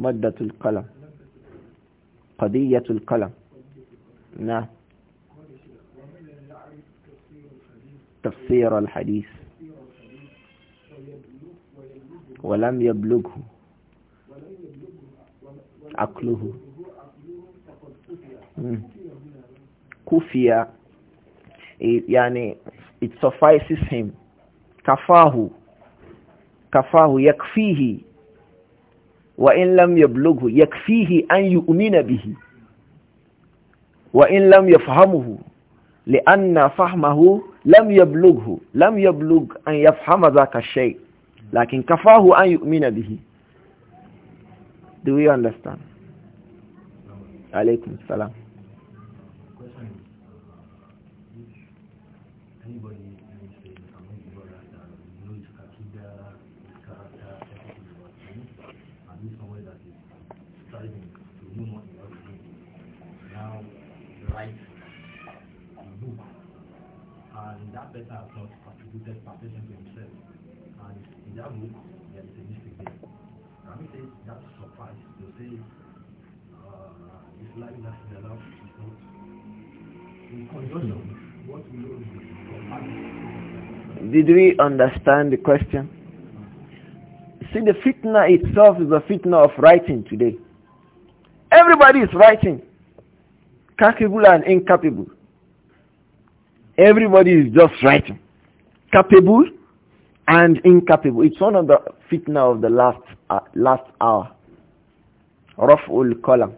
مادة القلم قضية القلم نعم تفسير الحديث ولم يبلغه عقله كفية يعني it suffices him كفاه كفاه يكفيه وإن لم يبلغه يكفيه أن يؤمن به وإن لم يفهمه لأن فهمه لم يبلغه لم يبلغ أن يفهم ذاك الشيء لكن كفاه أن يؤمن به Do you understand? عليكم السلام that to himself. And in that book, there is a there. Rami says that suffice to say uh, In conjunction, what we know is Did we understand the question? See, the fitna itself is a fitna of writing today. Everybody is writing, capable and incapable. Everybody is just right, capable and incapable. It's one of the fitna of the last uh, last hour. Raf'ul column,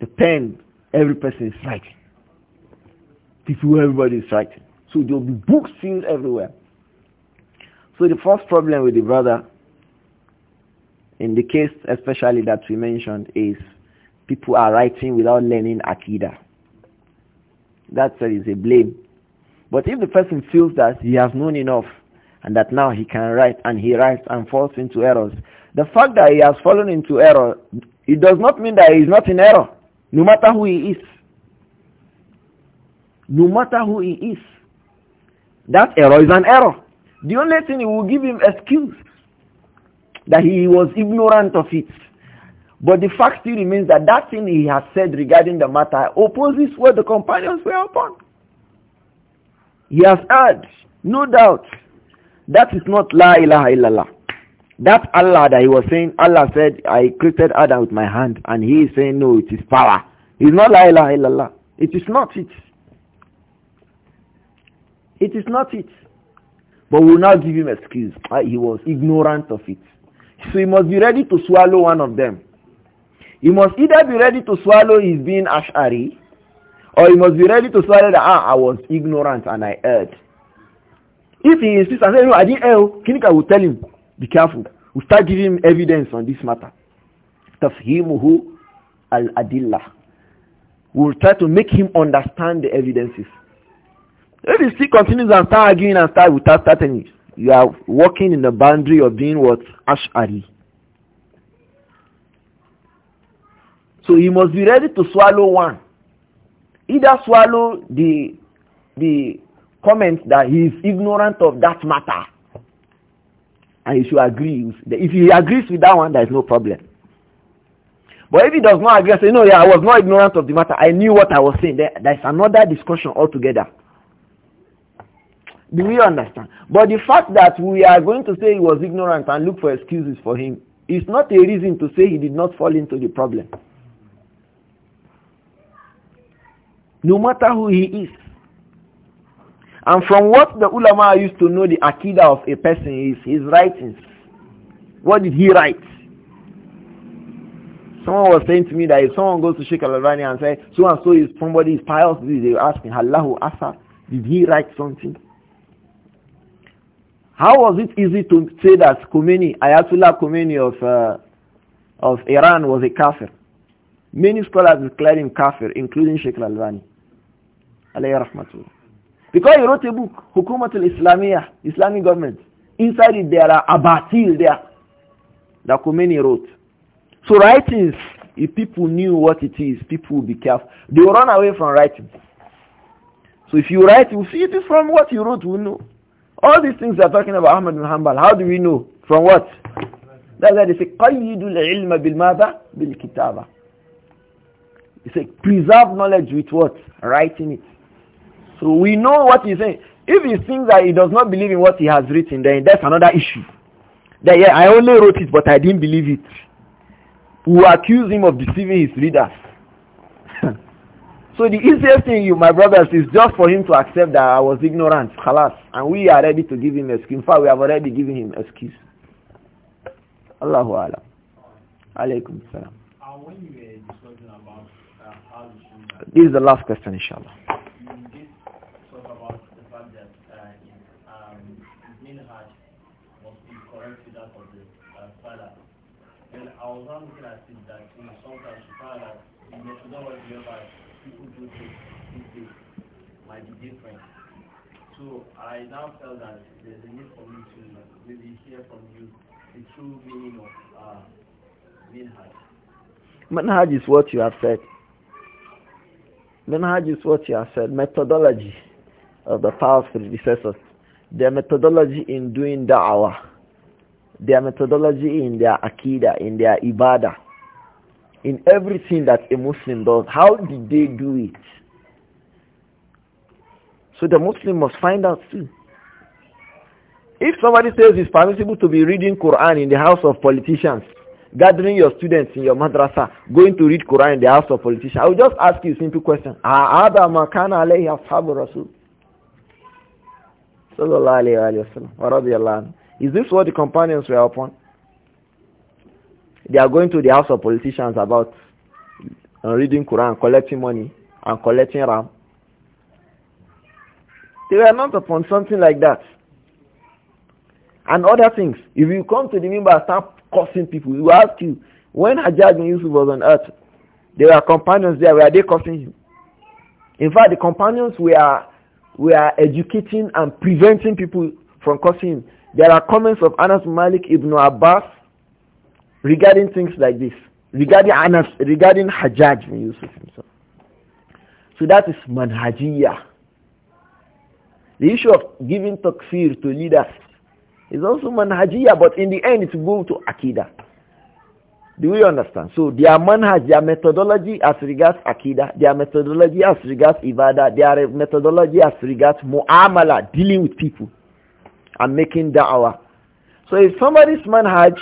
The pen, every person is writing. People, everybody is writing. So there will be books filled everywhere. So the first problem with the brother, in the case especially that we mentioned, is people are writing without learning Akida. That's what is a blame. But if the person feels that he has known enough and that now he can write and he writes and falls into errors, the fact that he has fallen into error, it does not mean that he is not in error, no matter who he is. No matter who he is. That error is an error. The only thing it will give him excuse that he was ignorant of it. But the fact still remains that that thing he has said regarding the matter opposes what the companions were upon. He has heard, no doubt. That is not La ilaha illallah. That Allah that he was saying, Allah said, I created Adam with my hand. And he is saying, no, it is power. It's not La ilaha illallah. It is not it. It is not it. But we will now give him excuse. Ah, he was ignorant of it. So he must be ready to swallow one of them. He must either be ready to swallow his being Ash'ari or he must be ready to swallow that, ah, I was ignorant and I erred. If he insists and says, no, I didn't err, Kinika will tell him, be careful. We'll start giving him evidence on this matter. Tafhimuhu al-adillah. We'll try to make him understand the evidences. If he still continues and start arguing and start without starting, you are walking in the boundary of being what? Ash'ari. So he must be ready to swallow one. Either swallow the, the comment that he is ignorant of that matter. And he should agree. If he agrees with that one, there is no problem. But if he does not agree, say, no, yeah, I was not ignorant of the matter. I knew what I was saying. There, there is another discussion altogether. Do we understand? But the fact that we are going to say he was ignorant and look for excuses for him is not a reason to say he did not fall into the problem. no matter who he is. And from what the ulama used to know the akida of a person is his writings. What did he write? Someone was saying to me that if someone goes to Sheikh Al-Albani and say, so and so is somebody is pious, they ask me, Allahu Asa, did he write something? How was it easy to say that Khomeini, Ayatollah Khomeini of, uh, of Iran was a kafir? Many scholars declared him kafir, including Sheikh Al-Albani alayhi Because he wrote a book, Hukumatul Islamiyah, Islamic government. Inside it there are abatil there that Khomeini wrote. So writings, if people knew what it is, people would be careful. They will run away from writing. So if you write, you see it is from what you wrote, we know. All these things are talking about Ahmad bin Hanbal. How do we know? From what? That's why they say, قَيِّدُ الْعِلْمَ بِالْمَاذَا bilkitaba." They say preserve knowledge with what? Writing it we know what he's saying. If he thinks that he does not believe in what he has written, then that's another issue. That yeah, I only wrote it, but I didn't believe it. We accuse him of deceiving his readers. so the easiest thing, you, my brothers, is just for him to accept that I was ignorant, halas, and we are ready to give him a excuse. In fact, we have already given him excuse. Allahu Alam. Alaykum Salam. Uh, this is the last question, inshallah. I was not looking at things that you know, sometimes you find that the methodology whereby people do things these might be different. So I now felt that there's a need for me to maybe hear from you the true meaning of uh, manhaj. Manhaj is what you have said. Manhaj is what you have said. Methodology of the past predecessors. Their methodology in doing da'wah their methodology, in their akida, in their ibadah, in everything that a Muslim does. How did they do it? So the Muslim must find out too. If somebody says it's permissible to be reading Quran in the house of politicians, gathering your students in your madrasa, going to read Quran in the house of politicians, I will just ask you a simple question. Sallallahu alayhi wa sallam. Is this what the companions were upon? They are going to the house of politicians about uh, reading Quran, collecting money, and collecting ram. They were not upon something like that. And other things. If you come to the member start cursing people, we ask you, when Hajjaj and Yusuf was on earth, there were companions there, were they cursing him? In fact, the companions were, were educating and preventing people from cursing him. There are comments of Anas Malik ibn Abbas regarding things like this, regarding Anas, regarding Hajjaj bin Yusuf himself. So that is manhajiyah. The issue of giving takfir to leaders is also manhajiyah, but in the end it will go to akida. Do we understand? So their manhaj, their methodology as regards akida, their methodology as regards ibadah, their methodology as regards mu'amala, dealing with people and making da'wah. So if somebody's manhaj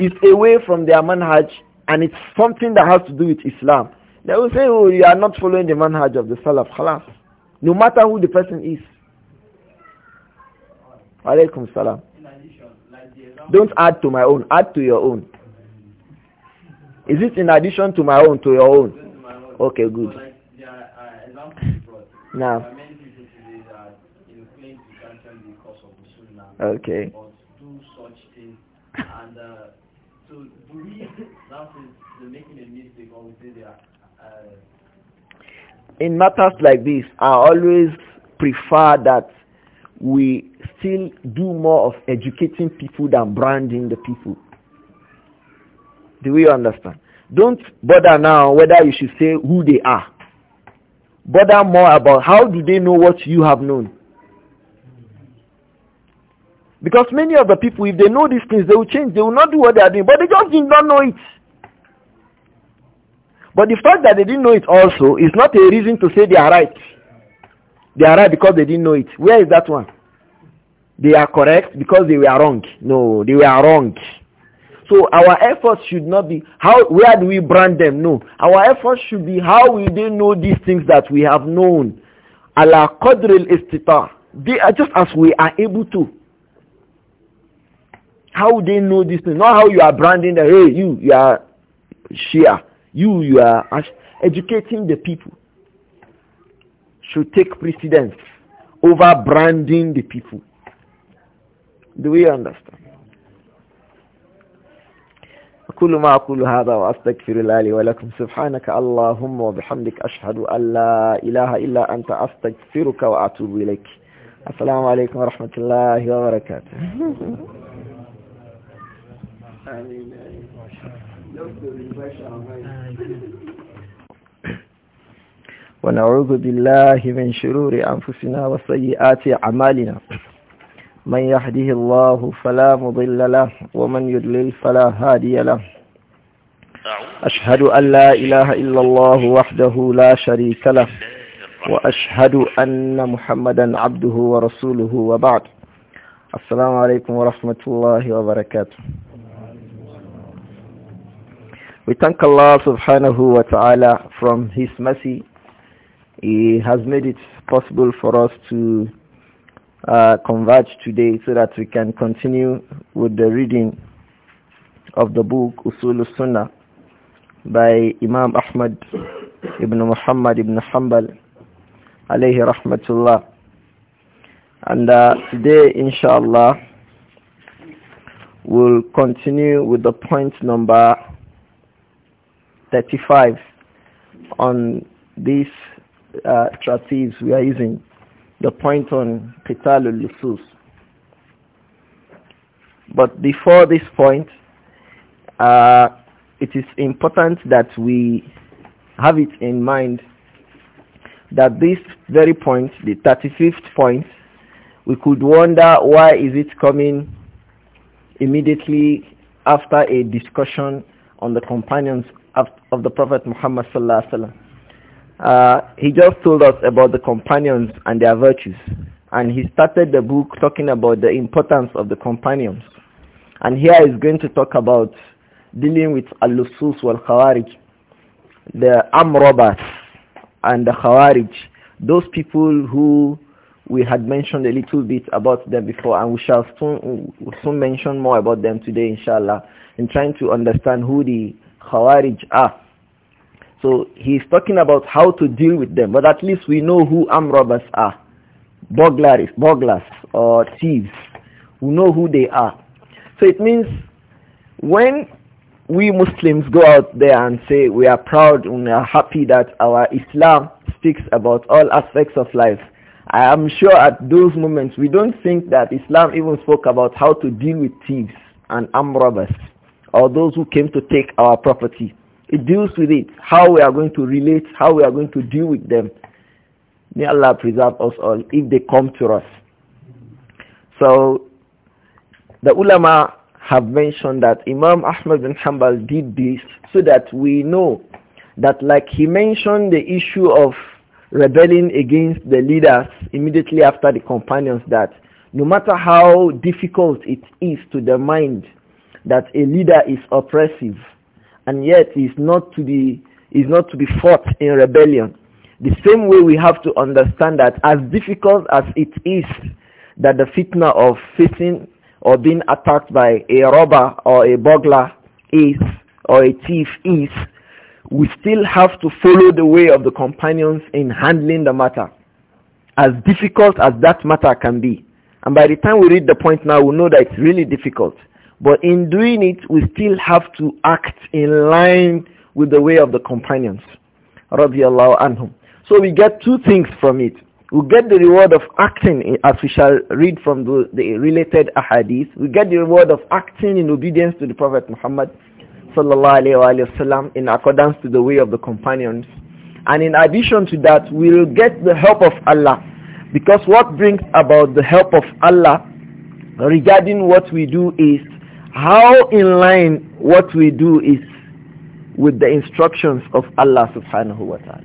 is away from their manhaj and it's something that has to do with Islam, they will say, oh, you are not following the manhaj of the Salaf. Khalas. No matter who the person is. Alaykum salam. Don't add to my own. Add to your own. Is it in addition to my own, to your own? Okay, good. Uh, now. Okay. do such things. And uh, making a mistake or we say they are... Uh, in matters like this, I always prefer that we still do more of educating people than branding the people. Do you understand? Don't bother now whether you should say who they are. Bother more about how do they know what you have known. Because many of the people, if they know these things, they will change. They will not do what they are doing. But they just did not know it. But the fact that they didn't know it also is not a reason to say they are right. They are right because they didn't know it. Where is that one? They are correct because they were wrong. No, they were wrong. So our efforts should not be how where do we brand them? No. Our efforts should be how will they know these things that we have known? Ala qadril istita. They are just as we are able to. How would they know this thing? Not how you are branding that, hey, you, you are Shia. You, you are educating the people. Should take precedence over branding the people. Do we understand? كُلُّ ما أقول هذا وأستغفر الله ولكم سبحانك اللهم وبحمدك أشهد أن لا إله إلا أنت أستغفرك وأتوب إليك السلام عليكم ورحمة الله وبركاته ونعوذ بالله من شرور أنفسنا وسيئات أعمالنا من يهده الله فلا مضل له ومن يضلل فلا هادي له أشهد أن لا إله إلا الله وحده لا شريك له وأشهد أن محمدا عبده ورسوله وبعد السلام عليكم ورحمة الله وبركاته We thank Allah subhanahu wa ta'ala from His mercy. He has made it possible for us to uh, converge today so that we can continue with the reading of the book Usul Sunnah by Imam Ahmad ibn Muhammad ibn Hanbal alayhi rahmatullah. And uh, today inshallah we'll continue with the point number 35 on these uh, we are using, the point on Qital lusus But before this point, uh, it is important that we have it in mind that this very point, the 35th point, we could wonder why is it coming immediately after a discussion on the companions of, of the Prophet Muhammad sallallahu alaihi uh, he just told us about the companions and their virtues. And he started the book talking about the importance of the companions. And here he's going to talk about dealing with al-lusus wal-khawarij, the amrobas and the khawarij, those people who we had mentioned a little bit about them before and we shall soon, soon mention more about them today inshallah in trying to understand who the Khawarij are. So he's talking about how to deal with them. But at least we know who armed robbers are. Burglaries, burglars or thieves. We know who they are. So it means when we Muslims go out there and say we are proud and we are happy that our Islam speaks about all aspects of life, I am sure at those moments we don't think that Islam even spoke about how to deal with thieves and armed robbers or those who came to take our property. It deals with it, how we are going to relate, how we are going to deal with them. May Allah preserve us all if they come to us. So the ulama have mentioned that Imam Ahmad bin Hanbal did this so that we know that like he mentioned the issue of rebelling against the leaders immediately after the companions that no matter how difficult it is to the mind that a leader is oppressive and yet is not to be is not to be fought in rebellion. The same way we have to understand that as difficult as it is that the fitna of facing or being attacked by a robber or a burglar is or a thief is, we still have to follow the way of the companions in handling the matter. As difficult as that matter can be. And by the time we read the point now, we know that it's really difficult. But in doing it, we still have to act in line with the way of the companions. anhum. So we get two things from it. We get the reward of acting, as we shall read from the, the related ahadith. We get the reward of acting in obedience to the Prophet Muhammad sallallahu in accordance to the way of the companions. And in addition to that, we'll get the help of Allah. Because what brings about the help of Allah regarding what we do is how in line what we do is with the instructions of Allah subhanahu wa ta'ala.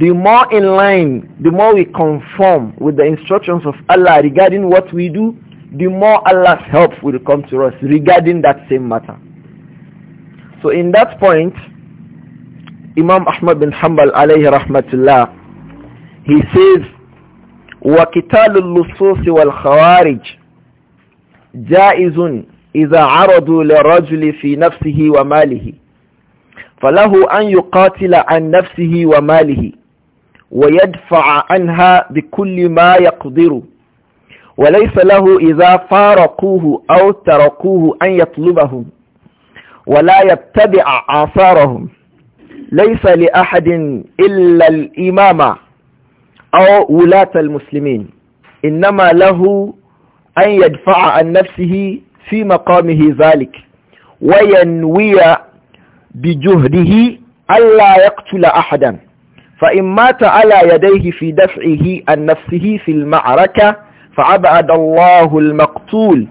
The more in line, the more we conform with the instructions of Allah regarding what we do, the more Allah's help will come to us regarding that same matter. So in that point, Imam Ahmad bin Hanbal alayhi rahmatullah, he says, وَكِتَالُ الْلُصُوصِ وَالْخَوَارِجِ جَائِزٌ إذا عرضوا للرجل في نفسه وماله فله أن يقاتل عن نفسه وماله ويدفع عنها بكل ما يقدر وليس له إذا فارقوه أو تركوه أن يطلبهم ولا يتبع آثارهم ليس لأحد إلا الإمام أو ولاة المسلمين إنما له أن يدفع عن نفسه في مقامه ذلك وينوي بجهده ألا يقتل أحدا فإن مات على يديه في دفعه عن نفسه في المعركة فأبعد الله المقتول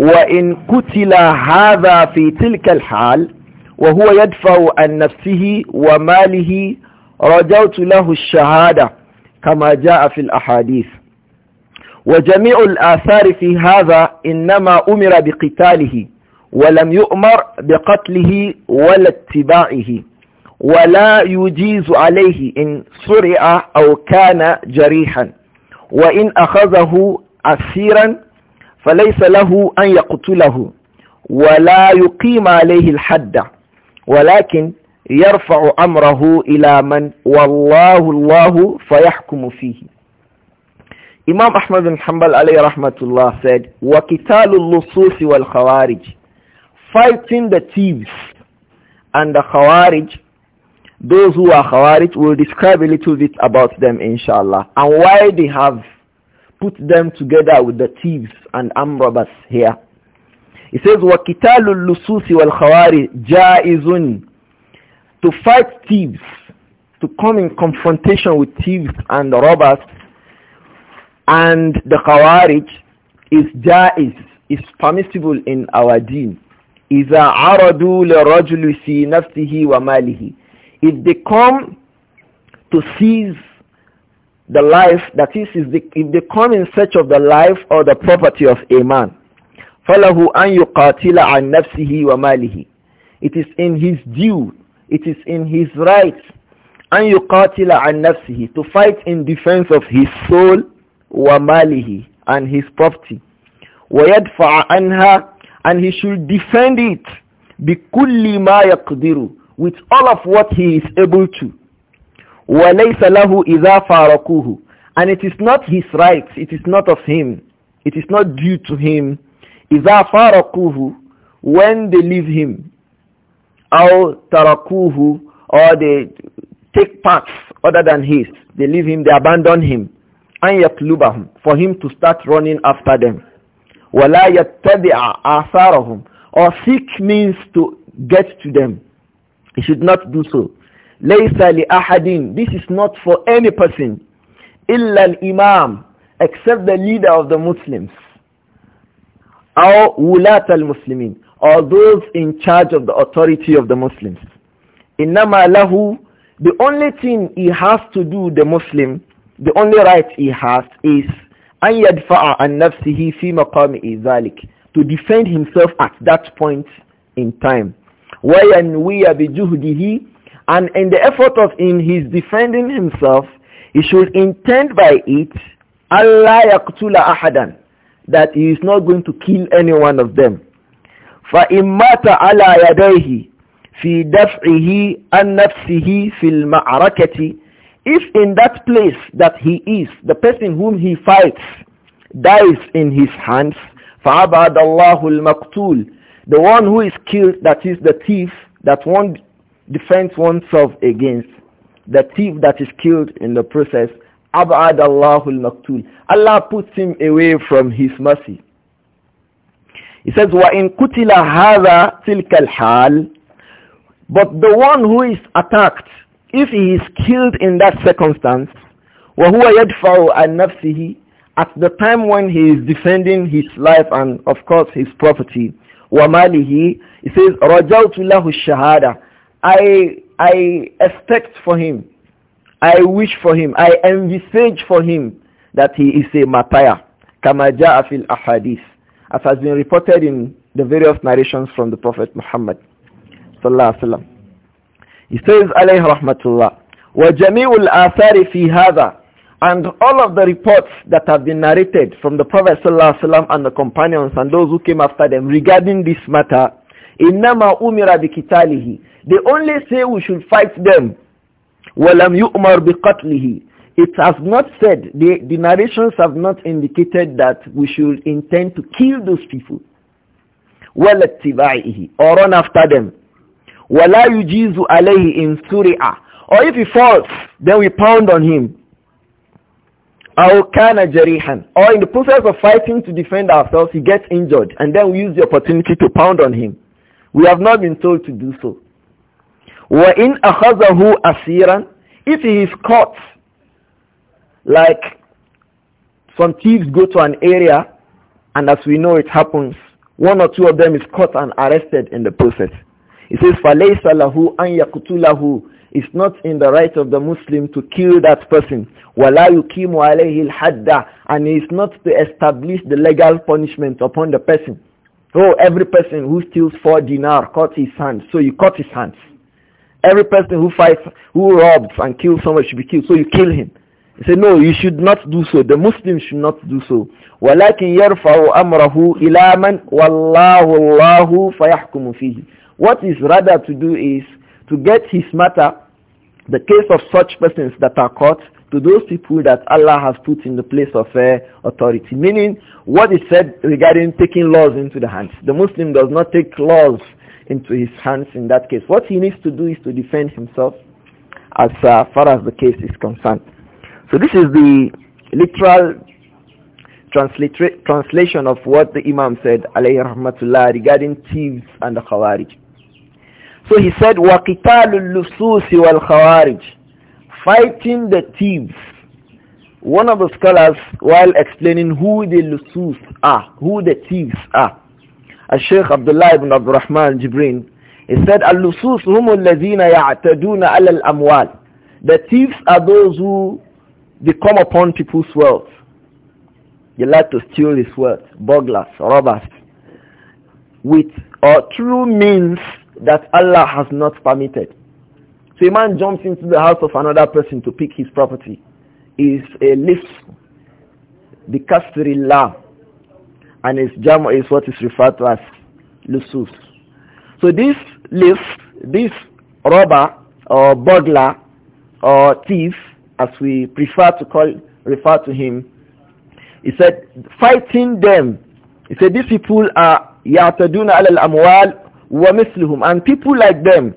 وإن قتل هذا في تلك الحال وهو يدفع عن نفسه وماله رجوت له الشهادة كما جاء في الأحاديث وجميع الآثار في هذا إنما أمر بقتاله ولم يؤمر بقتله ولا اتباعه ولا يجيز عليه إن سرع أو كان جريحا وإن أخذه أسيرا فليس له أن يقتله ولا يقيم عليه الحد ولكن يرفع أمره إلى من والله الله فيحكم فيه Imam Ahmad bin Hanbal alayhi rahmatullah said, وَكِتَالُ اللُّصُوصِ وَالْخَوَارِجِ Fighting the thieves and the Khawarij, those who are Khawarij, will describe a little bit about them inshallah and why they have put them together with the thieves and amrabas here. He says, وَكِتَالُ اللُّصُوصِ وَالْخَوَارِجِ جَائِزٌ To fight thieves, to come in confrontation with thieves and robbers and the Khawarij is jais, is permissible in our deen. إِذَا عَرَضُوا لِرَجُلِ nafsihi wa malihi, If they come to seize the life, that is, if they come in search of the life or the property of a man, an yuqatila an nafsihi wa malihi. It is in his due, it is in his right, An yuqatila an nafsihi To fight in defense of his soul wa malihi and his property wa yadfa anha and he should defend it bi kulli ma yaqdiru with all of what he is able to wa laysa lahu idha and it is not his rights it is not of him it is not due to him idha faraquhu when they leave him aw tarakuhu or they take paths other than his they leave him they abandon him an yatlubahum for him to start running after them wala yattabi'a atharahum or seek means to get to them he should not do so laysa li ahadin this is not for any person illa al-imam except the leader of the muslims or wulat al-muslimin or those in charge of the authority of the muslims innama lahu the only thing he has to do the muslim the only right he has is أن يدفع عن نفسه في maqami ذلك to defend himself at that point in time وينوي بجهده and in the effort of in his defending himself he should intend by it Allah يقتل أحدا that he is not going to kill any one of them فإن مات على يديه في دفعه عن نفسه في المعركة if in that place that he is, the person whom he fights dies in his hands, فَعَبَدَ اللَّهُ الْمَقْتُولِ The one who is killed, that is the thief, that one defends oneself against, the thief that is killed in the process, abad Allahul Maktul. Allah puts him away from his mercy. He says, وَإِن قُتِلَ هَذَا تِلْكَ الْحَالِ But the one who is attacked if he is killed in that circumstance, وَهُوَ يَدْفَعُ عَنْ نَفْسِهِ At the time when he is defending his life and of course his property, وَمَالِهِ He says, رَجَوْتُ لَهُ الشَّهَادَةِ I, I expect for him, I wish for him, I envisage for him that he is a mataya, كَمَا جَاءَ فِي الْأَحَادِيثِ As has been reported in the various narrations from the Prophet Muhammad sallallahu alaihi wasallam. He says, alayhi rahmatullah, وَجَمِيعُ الْآثَارِ فِي هَذَا And all of the reports that have been narrated from the Prophet ﷺ and the companions and those who came after them regarding this matter, إِنَّمَا أُمِرَ بِكِتَالِهِ They only say we should fight them. وَلَمْ يُؤْمَرْ بِقَتْلِهِ It has not said, the, the narrations have not indicated that we should intend to kill those people. وَلَاتِّبَعِهِ Or run after them. وَلَا يُجِيزُ عَلَيْهِ in سُرِعَ Or if he falls, then we pound on him. أَوْ كَانَ جَرِيحًا Or in the process of fighting to defend ourselves, he gets injured and then we use the opportunity to pound on him. We have not been told to do so. in أَخَذَهُ asiran If he is caught, like some thieves go to an area and as we know it happens, one or two of them is caught and arrested in the process. It says, فَلَيْسَ لَهُ أَنْ يَقْتُلَهُ It's not in the right of the Muslim to kill that person. وَلَا يُقِيمُ عَلَيْهِ الْحَدَّ And it's not to establish the legal punishment upon the person. Oh, every person who steals four dinar, cut his hand. So you cut his hands. Every person who fights, who robs and kills someone should be killed. So you kill him. He said, no, you should not do so. The Muslims should not do so. وَلَكِنْ يَرْفَعُ أَمْرَهُ إِلَى مَنْ وَاللَّهُ اللَّهُ فَيَحْكُمُ فِيهِ what is rather to do is to get his matter, the case of such persons that are caught, to those people that Allah has put in the place of uh, authority. Meaning, what is said regarding taking laws into the hands. The Muslim does not take laws into his hands in that case. What he needs to do is to defend himself as uh, far as the case is concerned. So this is the literal translation of what the Imam said, alayhi rahmatullah, regarding thieves and the Khawarij. So he said, lususi الْلُصُوصِ وَالْخَوَارِجِ Fighting the thieves. One of the scholars, while explaining who the lusus are, who the thieves are, Al-Sheikh Abdullah ibn al-rahman Jibrin, he said, Al-lusus humu الَّذِينَ يَعْتَدُونَ al amwal The thieves are those who they come upon people's wealth. They like to steal his wealth, burglars, robbers, with or through means that Allah has not permitted. So a man jumps into the house of another person to pick his property. Is a lift the law and his jam is what is referred to as lusus. So this lift, this robber or burglar or thief, as we prefer to call refer to him, he said, fighting them. He said, these people are yataduna al-amwal. ومثلهم and people like them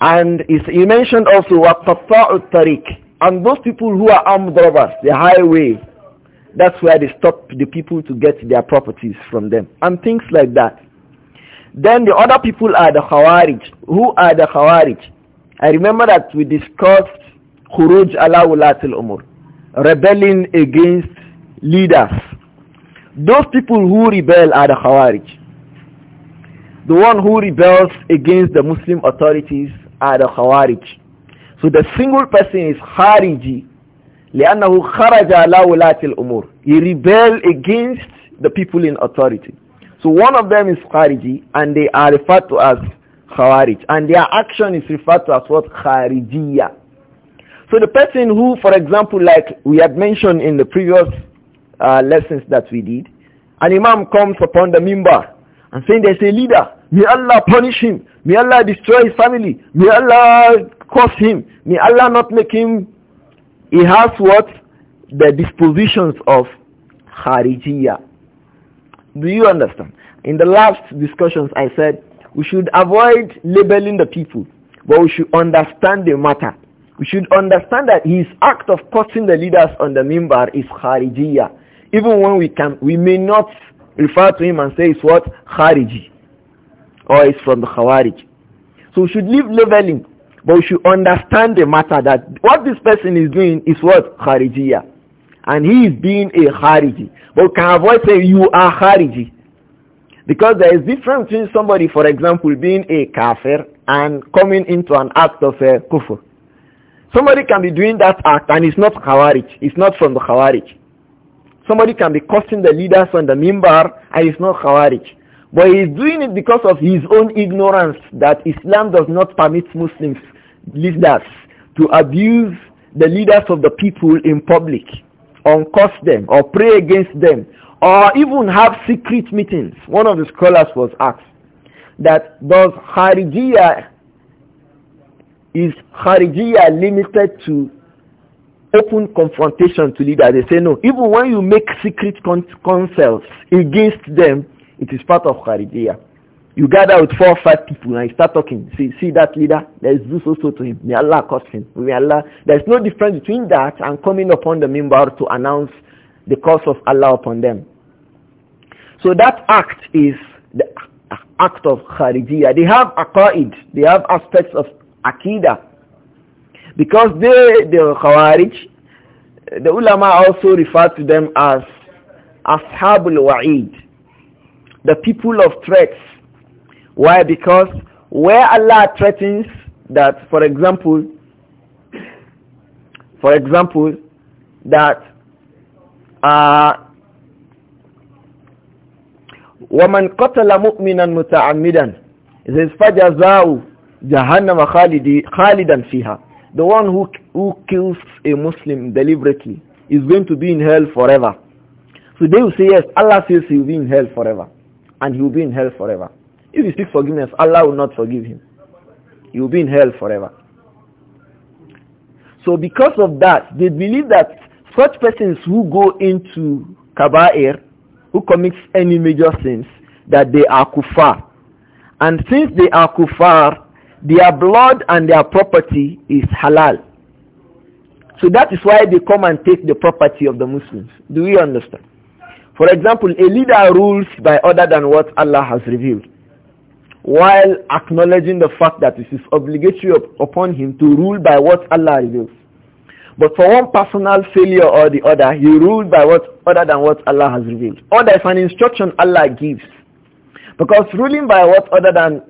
and he mentioned also وقطاع الطريق and those people who are armed robbers the highway that's where they stop the people to get their properties from them and things like that then the other people are the khawarij who are the khawarij i remember that we discussed khuruj ala wulatil umur rebelling against leaders those people who rebel are the khawarij the one who rebels against the Muslim authorities are the Khawarij. So the single person is Khariji. لأنه خرج على ولاة الأمور. He rebelled against the people in authority. So one of them is Khariji and they are referred to as Khawarij. And their action is referred to as what? Kharijiya. So the person who, for example, like we had mentioned in the previous uh, lessons that we did, an imam comes upon the mimbar and saying there's a leader. May Allah punish him. May Allah destroy his family. May Allah curse him. May Allah not make him. He has what? The dispositions of Kharijiyah. Do you understand? In the last discussions I said we should avoid labeling the people, but we should understand the matter. We should understand that his act of cursing the leaders on the mimbar is Kharijiyah. Even when we can, we may not refer to him and say it's what? Khariji. Or it's from the Khawarij. So we should leave leveling, but we should understand the matter that what this person is doing is what? kharijiya, And he is being a Khariji. But we can avoid saying you are Khariji. Because there is difference between somebody, for example, being a kafir and coming into an act of a uh, kufr. Somebody can be doing that act and it's not Khawarij. It's not from the Khawarij. Somebody can be cursing the leaders on the mimbar and it's not Khawarij. But he is doing it because of his own ignorance that Islam does not permit Muslims, leaders, to abuse the leaders of the people in public or curse them or pray against them or even have secret meetings. One of the scholars was asked that does Kharijiyah, is Kharijiyah limited to open confrontation to leaders. They say no. Even when you make secret con- against them, it is part of kharijia. You gather with four or five people and you start talking. See, see that leader? There is this also to him. May Allah curse him. May Allah. There is no difference between that and coming upon the mimbar to announce the curse of Allah upon them. So that act is the act of kharijia. They have aqaid. They have aspects of Aqidah because they, the Khawarij, the ulama also refer to them as Ashabul Wa'id, the people of threats. Why? Because where Allah threatens that, for example, for example, that uh, ومن قتل مؤمنا متعمدا jannah wa khali dan fiha. The one who, who kills a Muslim deliberately is going to be in hell forever. So they will say, yes, Allah says he will be in hell forever. And he will be in hell forever. If he seeks forgiveness, Allah will not forgive him. He will be in hell forever. So because of that, they believe that such persons who go into kaba'ir, who commits any major sins, that they are kuffar. And since they are kuffar, their blood and their property is halal. So that is why they come and take the property of the Muslims. Do we understand? For example, a leader rules by other than what Allah has revealed while acknowledging the fact that it is obligatory up upon him to rule by what Allah reveals. But for one personal failure or the other, he ruled by what other than what Allah has revealed. Or there's an instruction Allah gives. Because ruling by what other than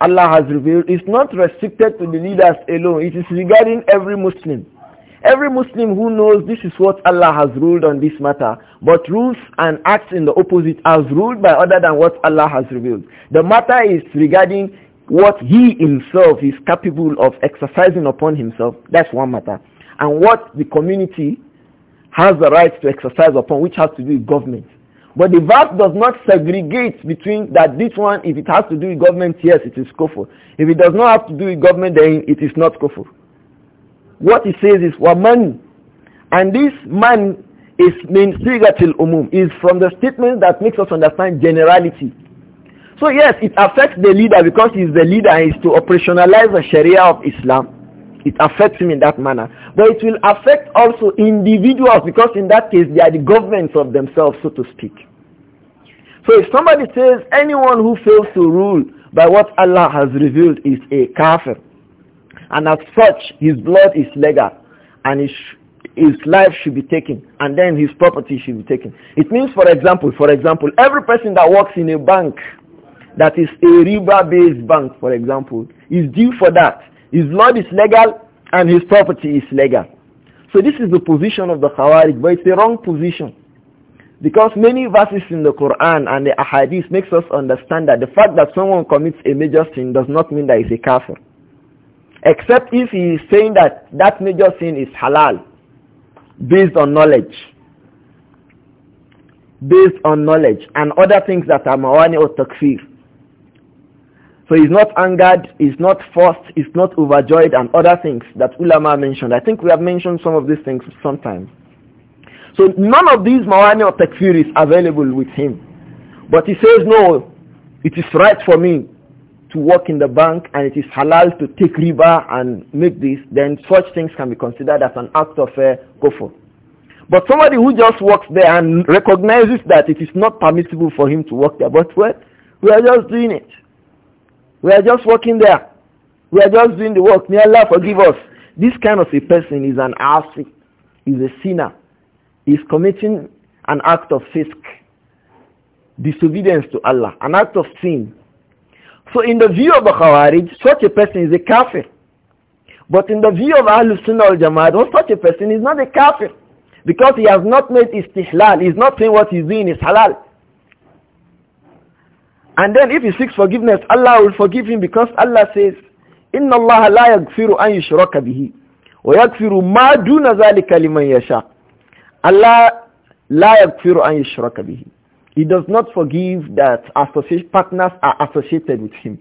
Allah has revealed is not restricted to the leaders alone. It is regarding every Muslim. Every Muslim who knows this is what Allah has ruled on this matter, but rules and acts in the opposite as ruled by other than what Allah has revealed. The matter is regarding what he himself is capable of exercising upon himself. That's one matter. And what the community has the right to exercise upon, which has to do with government. But the verse does not segregate between that this one, if it has to do with government, yes, it is kufr. If it does not have to do with government, then it is not kufr. What it says is waman. And this man is min sigatil umum, is from the statement that makes us understand generality. So yes, it affects the leader because he is the leader and is to operationalize the Sharia of Islam. It affects him in that manner. But it will affect also individuals because in that case they are the governments of themselves, so to speak. So if somebody says anyone who fails to rule by what Allah has revealed is a kafir, and as such his blood is legal, and his, his life should be taken, and then his property should be taken. It means, for example, for example, every person that works in a bank that is a riba-based bank, for example, is due for that. His blood is legal and his property is legal. So this is the position of the Khawarij, but it's the wrong position. Because many verses in the Quran and the Ahadith makes us understand that the fact that someone commits a major sin does not mean that he's a kafir. Except if he is saying that that major sin is halal, based on knowledge. Based on knowledge and other things that are mawani or takfir. So he's not angered, he's not forced, he's not overjoyed and other things that ulama mentioned. I think we have mentioned some of these things sometimes. So none of these mawani or takfir is available with him. But he says, no, it is right for me to work in the bank and it is halal to take riba and make this, then such things can be considered as an act of uh, But somebody who just works there and recognizes that it is not permissible for him to work there, but well, we are just doing it. We are just working there. We are just doing the work. May Allah forgive us. This kind of a person is an asi, is a sinner, is committing an act of fisk, disobedience to Allah, an act of sin. So in the view of the Khawarij, such a person is a kafir. But in the view of Ahlul Sunnah al Jama'at, such a person is not a kafir. Because he has not made istihlal, he is not saying what he is doing is halal. And then if he seeks forgiveness, Allah will forgive him because Allah says, إِنَّ اللَّهَ لَا يَغْفِرُ أَن يُشْرَكَ بِهِ وَيَغْفِرُ مَا دُونَ ذَلِكَ لِمَنْ يَشَاءُ Allah لَا يَغْفِرُ أَن يُشْرَكَ بِهِ He does not forgive that partners are associated with him.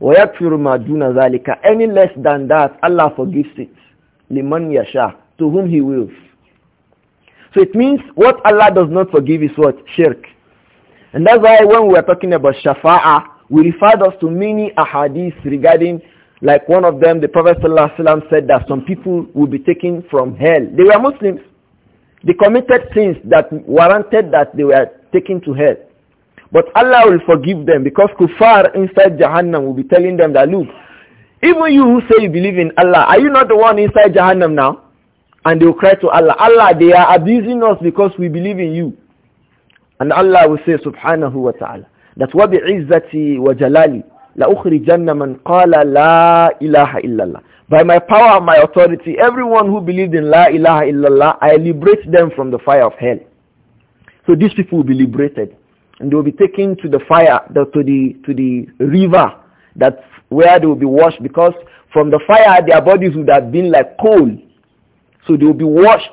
وَيَغْفِرُ مَا دُونَ ذَلِكَ Any less than that, Allah forgives it. لِمَنْ يَشَاءُ To whom He wills. So it means what Allah does not forgive is what? Shirk. And that's why when we were talking about shafa'a, we referred us to many ahadith regarding, like one of them, the Prophet ﷺ said that some people will be taken from hell. They were Muslims. They committed sins that warranted that they were taken to hell. But Allah will forgive them because kuffar inside Jahannam will be telling them that, look, even you who say you believe in Allah, are you not the one inside Jahannam now? And they will cry to Allah, Allah, they are abusing us because we believe in you. And Allah will say subhanahu wa ta'ala that wa jalali la مَنْ قَالَ لَا la ilaha illallah By my power, and my authority, everyone who believed in La ilaha illallah, I liberate them from the fire of hell. So these people will be liberated. And they will be taken to the fire, the, to, the, to the river that's where they will be washed because from the fire their bodies would have been like coal. So they will be washed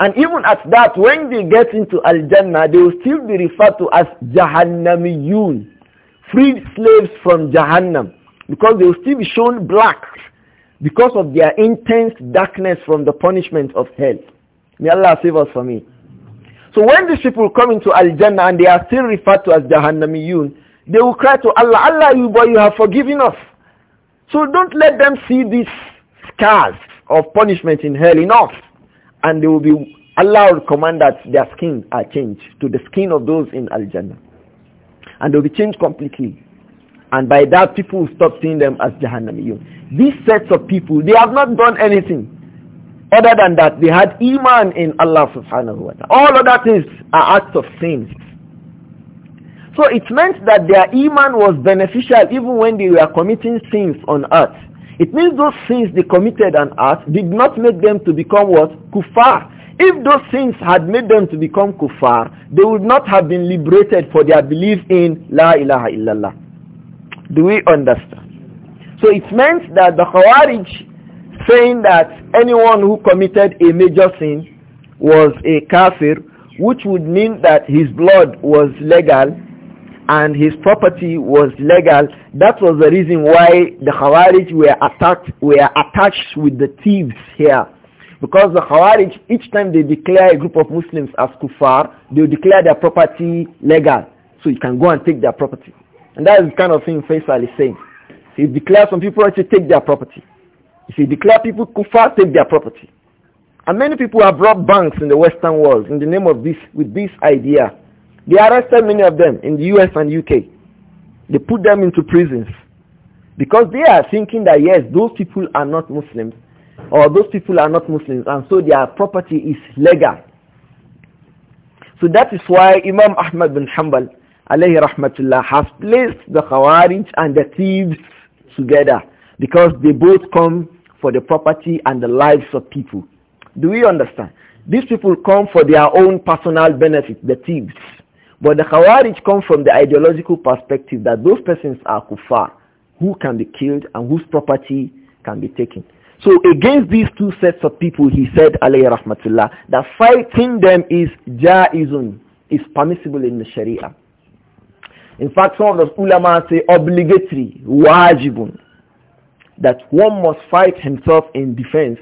and even at that, when they get into Al-Jannah, they will still be referred to as Jahannamiyun, freed slaves from Jahannam, because they will still be shown black because of their intense darkness from the punishment of hell. May Allah save us from it. So when these people come into Al-Jannah and they are still referred to as Jahannamiyun, they will cry to Allah, Allah, you boy, you have forgiven us. So don't let them see these scars of punishment in hell enough and they will be Allah will command that their skin are changed to the skin of those in Al Jannah. And they'll be changed completely. And by that people will stop seeing them as Jahannamiyun. These sets of people, they have not done anything. Other than that, they had iman in Allah subhanahu wa ta'ala. All other things are acts of sins. So it meant that their iman was beneficial even when they were committing sins on earth. It means those sins they committed and act did not make them to become what? Kuffar. If those sins had made them to become kuffar, they would not have been liberated for their belief in La ilaha illallah. Do we understand? So it means that the Khawarij saying that anyone who committed a major sin was a kafir, which would mean that his blood was legal, and his property was legal, that was the reason why the Khawarij were attacked, were attached with the thieves here. Because the Khawarij, each time they declare a group of Muslims as kuffar, they declare their property legal. So you can go and take their property. And that is the kind of thing Faisal is saying. He declares some people to take their property. If you declare people kuffar, take their property. And many people have robbed banks in the Western world in the name of this, with this idea they arrested many of them in the US and UK. They put them into prisons because they are thinking that yes, those people are not Muslims or those people are not Muslims and so their property is legal. So that is why Imam Ahmad bin Hanbal alayhi rahmatullah has placed the Khawarij and the thieves together because they both come for the property and the lives of people. Do we understand? These people come for their own personal benefit, the thieves. But the Khawarij come from the ideological perspective that those persons are kuffar who can be killed and whose property can be taken. So against these two sets of people, he said, alayhi rahmatullah, that fighting them is jaizun, is permissible in the Sharia. In fact, some of the ulama say obligatory, wajibun, that one must fight himself in defense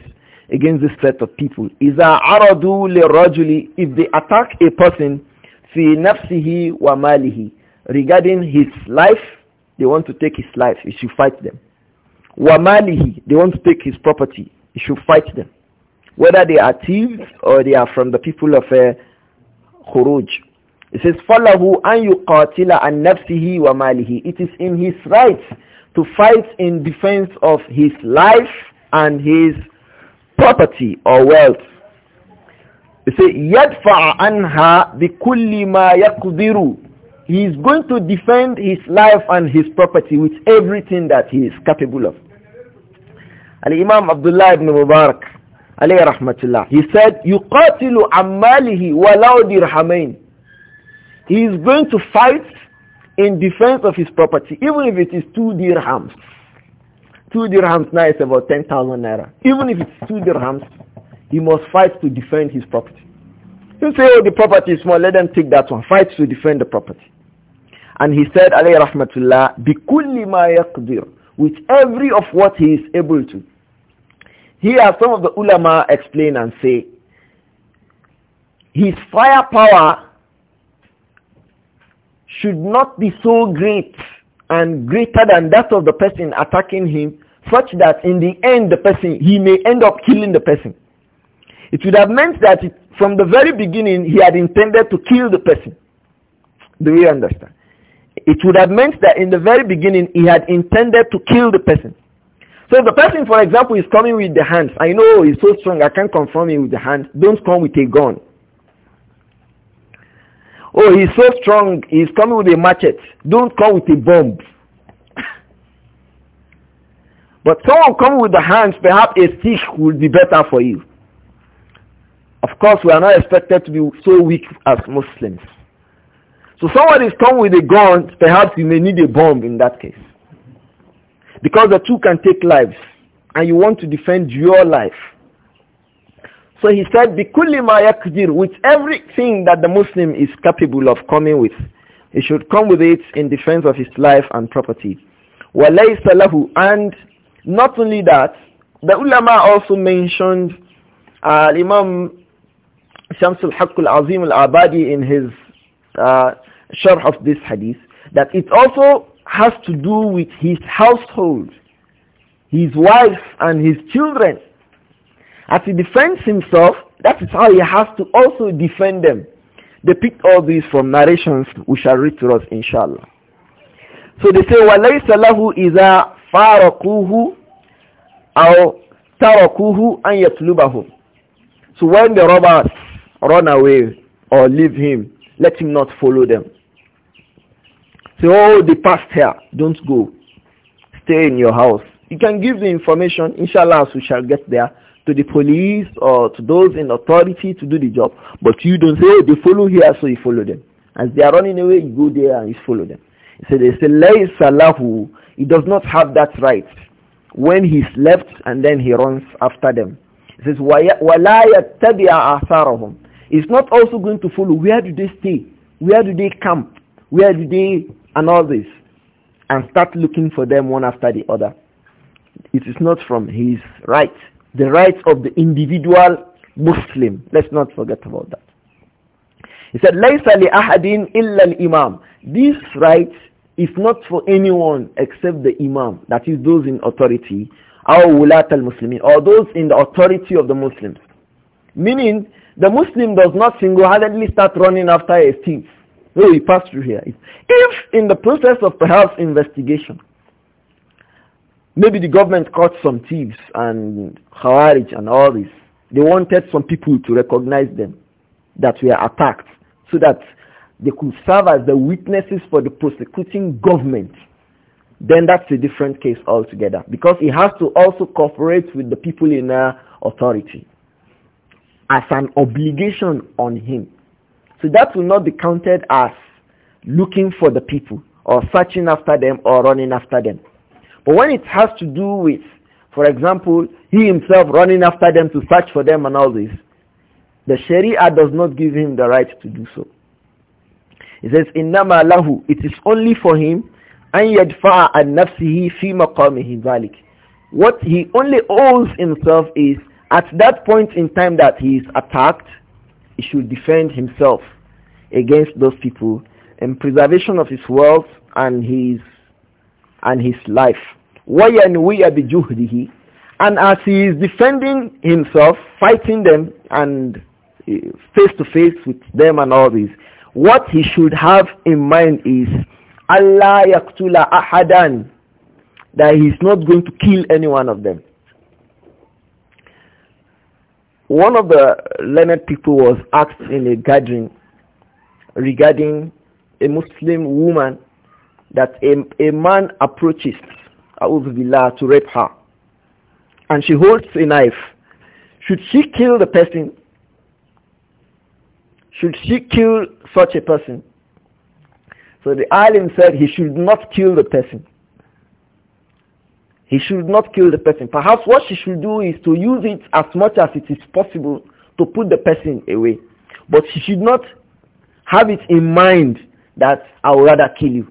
against this set of people. Iza aradu li rajuli, if they attack a person, fi nafsihi wa malihi. Regarding his life, they want to take his life. You should fight them. Wa malihi, they want to take his property. You should fight them. Whether they are thieves or they are from the people of uh, Khuruj. It says, فَلَهُ أَنْ يُقَاتِلَ عَنْ نَفْسِهِ وَمَالِهِ It is in his right to fight in defense of his life and his property or wealth. They say, yadfa anha بِكُلِّ مَا يَقْدِرُ He is going to defend his life and his property with everything that he is capable of. Al-Imam Abdullah ibn Mubarak, alayhi rahmatullah, he said, يُقَاتِلُ amalihi وَلَوْ دِرْحَمَيْنِ He is going to fight in defense of his property, even if it is two dirhams. Two dirhams now is about 10,000 naira. Even if it's two dirhams, he must fight to defend his property. You say, oh, the property is small. Let them take that one. Fight to defend the property. And he said, alayhi rahmatullah, bikulli ma yaqdir, with every of what he is able to. Here some of the ulama explain and say, his firepower should not be so great and greater than that of the person attacking him such that in the end the person, he may end up killing the person. It would have meant that it, from the very beginning he had intended to kill the person. Do you understand? It would have meant that in the very beginning he had intended to kill the person. So if the person, for example, is coming with the hands, I know he's so strong, I can't confront him with the hands. Don't come with a gun. Oh, he's so strong, he's coming with a machete. Don't come with a bomb. but someone coming with the hands, perhaps a stick would be better for you. Of course, we are not expected to be so weak as Muslims. So someone is come with a gun, perhaps you may need a bomb in that case. Because the two can take lives and you want to defend your life. So he said, Bikulli ma with everything that the Muslim is capable of coming with. He should come with it in defense of his life and property. وَلَيْسَ لَهُ And not only that, the ulama also mentioned uh, Imam Shams al-Haqq al-Azim al-Abadi in his uh, sharh of this hadith that it also has to do with his household, his wife and his children. As he defends himself, that is how he has to also defend them. They picked all these from narrations we shall read to us inshallah. So they say, وَلَيْسَ لَهُ إِذَا فَارَقُوهُ أَوْ تَرَكُوهُ أَنْ يَطْلُبَهُ So when the robbers run away or leave him. Let him not follow them. Say, oh, the past here. Don't go. Stay in your house. You can give the information, inshallah, as we shall get there, to the police or to those in authority to do the job. But you don't say, oh, they follow here, so you follow them. As they are running away, you go there and you follow them. So they say, Lay Salahu. He does not have that right when he's left and then he runs after them. He says, وَلَا is not also going to follow where do they stay, where do they camp, where do they and all this, and start looking for them one after the other. It is not from his right, the rights of the individual Muslim. Let's not forget about that. He said, لَيْسَ لِأَحَدٍ إِلَّا الْإِمَامِ This right is not for anyone except the Imam, that is those in authority, أو ولاة المسلمين, or those in the authority of the Muslims. Meaning, the Muslim does not single-handedly start running after a thief. Oh, he passed through here. If in the process of perhaps investigation, maybe the government caught some thieves and Khawarij and all this, they wanted some people to recognize them that were attacked so that they could serve as the witnesses for the prosecuting government then that's a different case altogether because he has to also cooperate with the people in uh, authority as an obligation on him. So that will not be counted as looking for the people or searching after them or running after them. But when it has to do with, for example, he himself running after them to search for them and all this, the Sharia does not give him the right to do so. It says, إِنَّمَا lahu, It is only for him and يَدْفَعَ عَنْ نَفْسِهِ fi مَقَامِهِ What he only owes himself is at that point in time that he is attacked, he should defend himself against those people in preservation of his wealth and his and his life. And as he is defending himself, fighting them and eh, face to face with them and all this, what he should have in mind is Allah yaktula ahadan that he is not going to kill any one of them. One of the learned people was asked in a gathering regarding a Muslim woman that a, a man approaches Auzubillah to rape her and she holds a knife. Should she kill the person? Should she kill such a person? So the alim said he should not kill the person. He should not kill the person. Perhaps what she should do is to use it as much as it is possible to put the person away. But she should not have it in mind that I would rather kill you.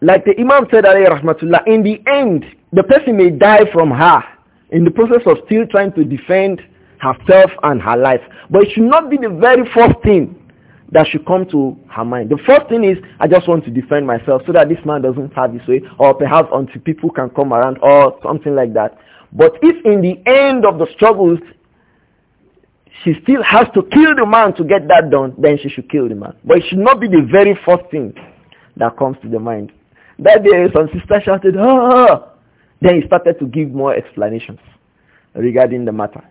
Like the Imam said, rahmatullah, in the end, the person may die from her in the process of still trying to defend herself and her life. But it should not be the very first thing that should come to her mind. The first thing is, I just want to defend myself so that this man doesn't have his way, or perhaps until people can come around, or something like that. But if in the end of the struggles, she still has to kill the man to get that done, then she should kill the man. But it should not be the very first thing that comes to the mind. That day, some sister shouted, ah! ah, ah. Then he started to give more explanations regarding the matter.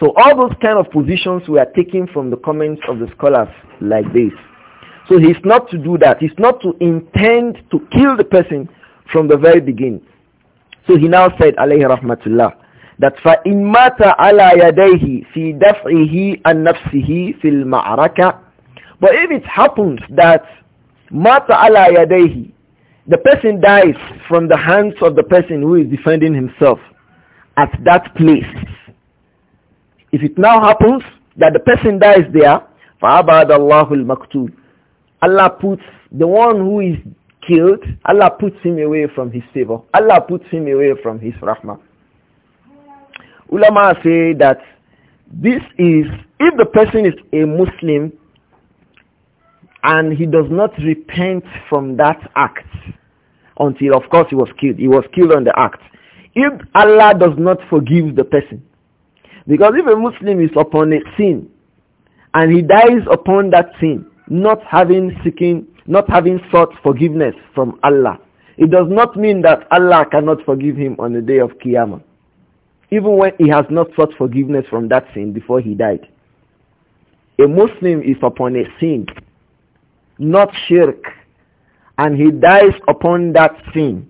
So all those kind of positions were taken from the comments of the scholars like this. So he's not to do that. He's not to intend to kill the person from the very beginning. So he now said, alayhi rahmatullah, that فَإِن مَاتَ عَلَى يَدَيْهِ فِي دَفْعِهِ عَنْ نَفْسِهِ فِي الْمَعْرَكَةِ But if it happens that مَاتَ عَلَى يَدَيْهِ The person dies from the hands of the person who is defending himself at that place if it now happens that the person dies there, Allah will الْمَقْتُولُ Allah puts the one who is killed, Allah puts him away from his favor. Allah puts him away from his rahmah. Ulama say that this is, if the person is a Muslim and he does not repent from that act, until of course he was killed. He was killed on the act. If Allah does not forgive the person, because if a Muslim is upon a sin and he dies upon that sin, not having seeking, not having sought forgiveness from Allah, it does not mean that Allah cannot forgive him on the day of Qiyamah. Even when he has not sought forgiveness from that sin before he died. A Muslim is upon a sin, not shirk, and he dies upon that sin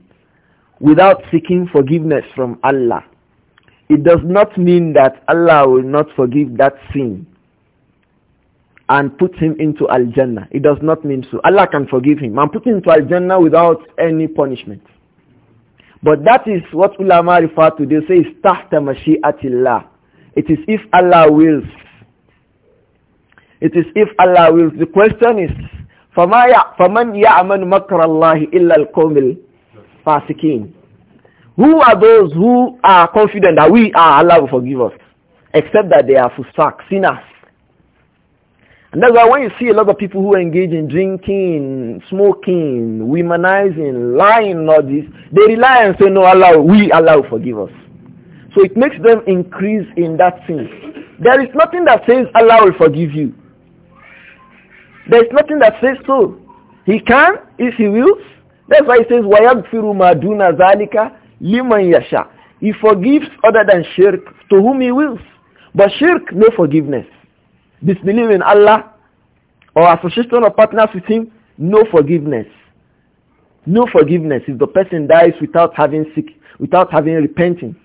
without seeking forgiveness from Allah it does not mean that Allah will not forgive that sin and put him into Al-Jannah. It does not mean so. Allah can forgive him and put him into Al-Jannah without any punishment. But that is what ulama refer to. They say it's tahta mashi'atillah. It is if Allah wills. It is if Allah wills. The question is, فَمَنْ يَعْمَنُ مَكْرَ اللَّهِ إِلَّا الْقَوْمِ الْفَاسِكِينَ who are those who are confident that we are, Allah will forgive us? Except that they are fusaq, sinners. And that's why when you see a lot of people who engage in drinking, smoking, womanizing, lying, all this, they rely and say, no, Allah, we, Allah will forgive us. So it makes them increase in that sin. There is nothing that says Allah will forgive you. There is nothing that says so. He can if he wills. That's why he says, وَيَغْفِرُ مَا دُونَ ذَلِكَ Liman yasha. He forgives other than shirk to whom he wills. But shirk, no forgiveness. Disbelief in Allah or association or partners with him, no forgiveness. No forgiveness if the person dies without having sick, without having repenting.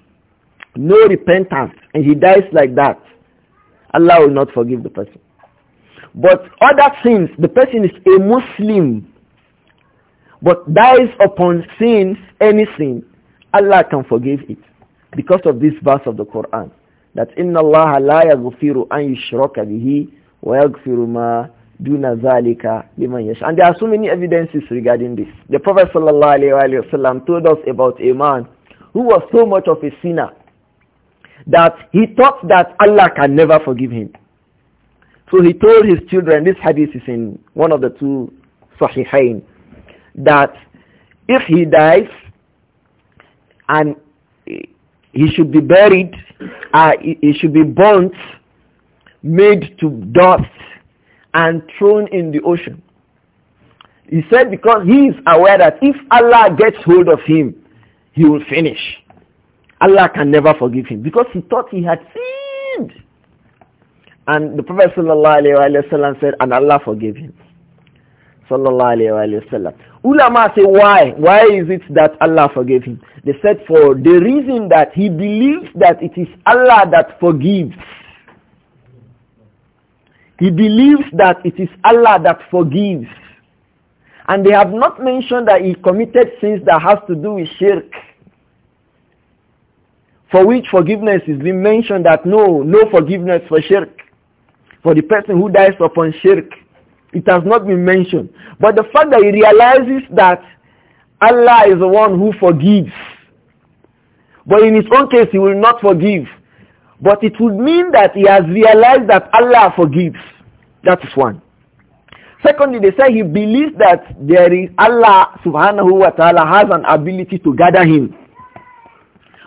No repentance and he dies like that. Allah will not forgive the person. But other sins, the person is a Muslim but dies upon sins, any sin, Allah can forgive it because of this verse of the Quran that inna Allah la yaghfiru an yushraka bihi wa yaghfiru ma duna zalika liman And there are so many evidences regarding this. The Prophet sallallahu alaihi wasallam told us about a man who was so much of a sinner that he thought that Allah can never forgive him. So he told his children, this hadith is in one of the two Sahihain, that if he dies, and he should be buried, uh, he should be burnt, made to dust, and thrown in the ocean. He said because he is aware that if Allah gets hold of him, he will finish. Allah can never forgive him because he thought he had sinned. And the Prophet ﷺ said, and Allah forgave him. Sallallahu alayhi wa sallam. Ulama say why? Why is it that Allah forgave him? They said for the reason that he believes that it is Allah that forgives. He believes that it is Allah that forgives. And they have not mentioned that he committed sins that has to do with shirk. For which forgiveness is being mentioned that no, no forgiveness for shirk. For the person who dies upon shirk. It has not been mentioned. But the fact that he realizes that Allah is the one who forgives. But in his own case, he will not forgive. But it would mean that he has realized that Allah forgives. That is one. Secondly, they say he believes that there is Allah subhanahu wa ta'ala has an ability to gather him.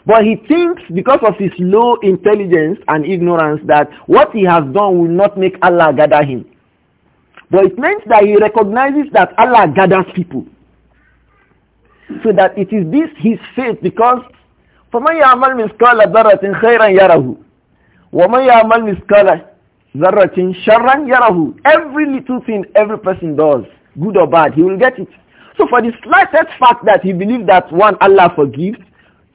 But he thinks because of his low intelligence and ignorance that what he has done will not make Allah gather him. But it means that he recognizes that Allah gathers people. So that it is this his faith because فَمَنْ يَعْمَلْ مِثْقَالَ ذَرَّةٍ خَيْرًا يَرَهُ وَمَنْ يَعْمَلْ مِثْقَالَ ذَرَّةٍ شَرًّا يَرَهُ Every little thing every person does, good or bad, he will get it. So for the slightest fact that he believes that one, Allah forgives,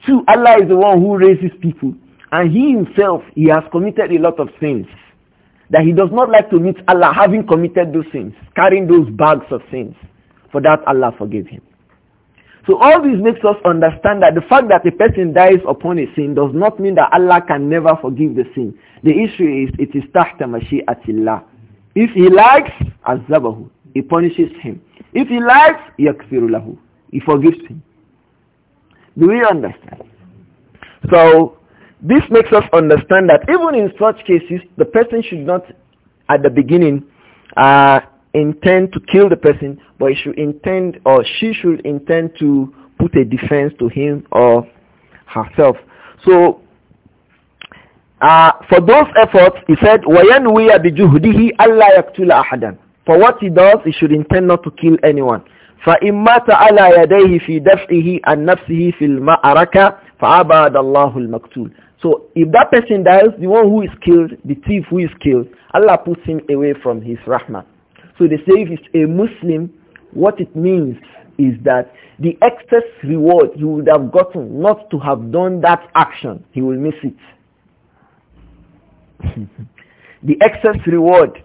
two, Allah is the one who raises people, and he himself, he has committed a lot of sins that he does not like to meet Allah having committed those sins, carrying those bags of sins. For that Allah forgave him. So all this makes us understand that the fact that a person dies upon a sin does not mean that Allah can never forgive the sin. The issue is it is tahta mashi'atillah. If he likes, azabahu. He punishes him. If he likes, yakfirulahu, He forgives him. Do we understand? So this makes us understand that even in such cases, the person should not, at the beginning, uh, intend to kill the person, but he should intend or she should intend to put a defense to him or herself. So uh, for those efforts, he said, بِجُهْدِهِ أَلَّا يَقْتُلَ أَحَدًا For what he does, he should intend not to kill anyone. فَإِنْ مَاتَ عَلَى يَدَيْهِ فِي دَفْعِهِ عَنْ نَفْسِهِ فِي الْمَعَرَكَةِ فَعَبَادَ اللَّهُ الْمَقْتُولِ so if that person dies, the one who is killed, the thief who is killed, Allah puts him away from his rahmah. So they say if it's a Muslim, what it means is that the excess reward he would have gotten not to have done that action, he will miss it. the excess reward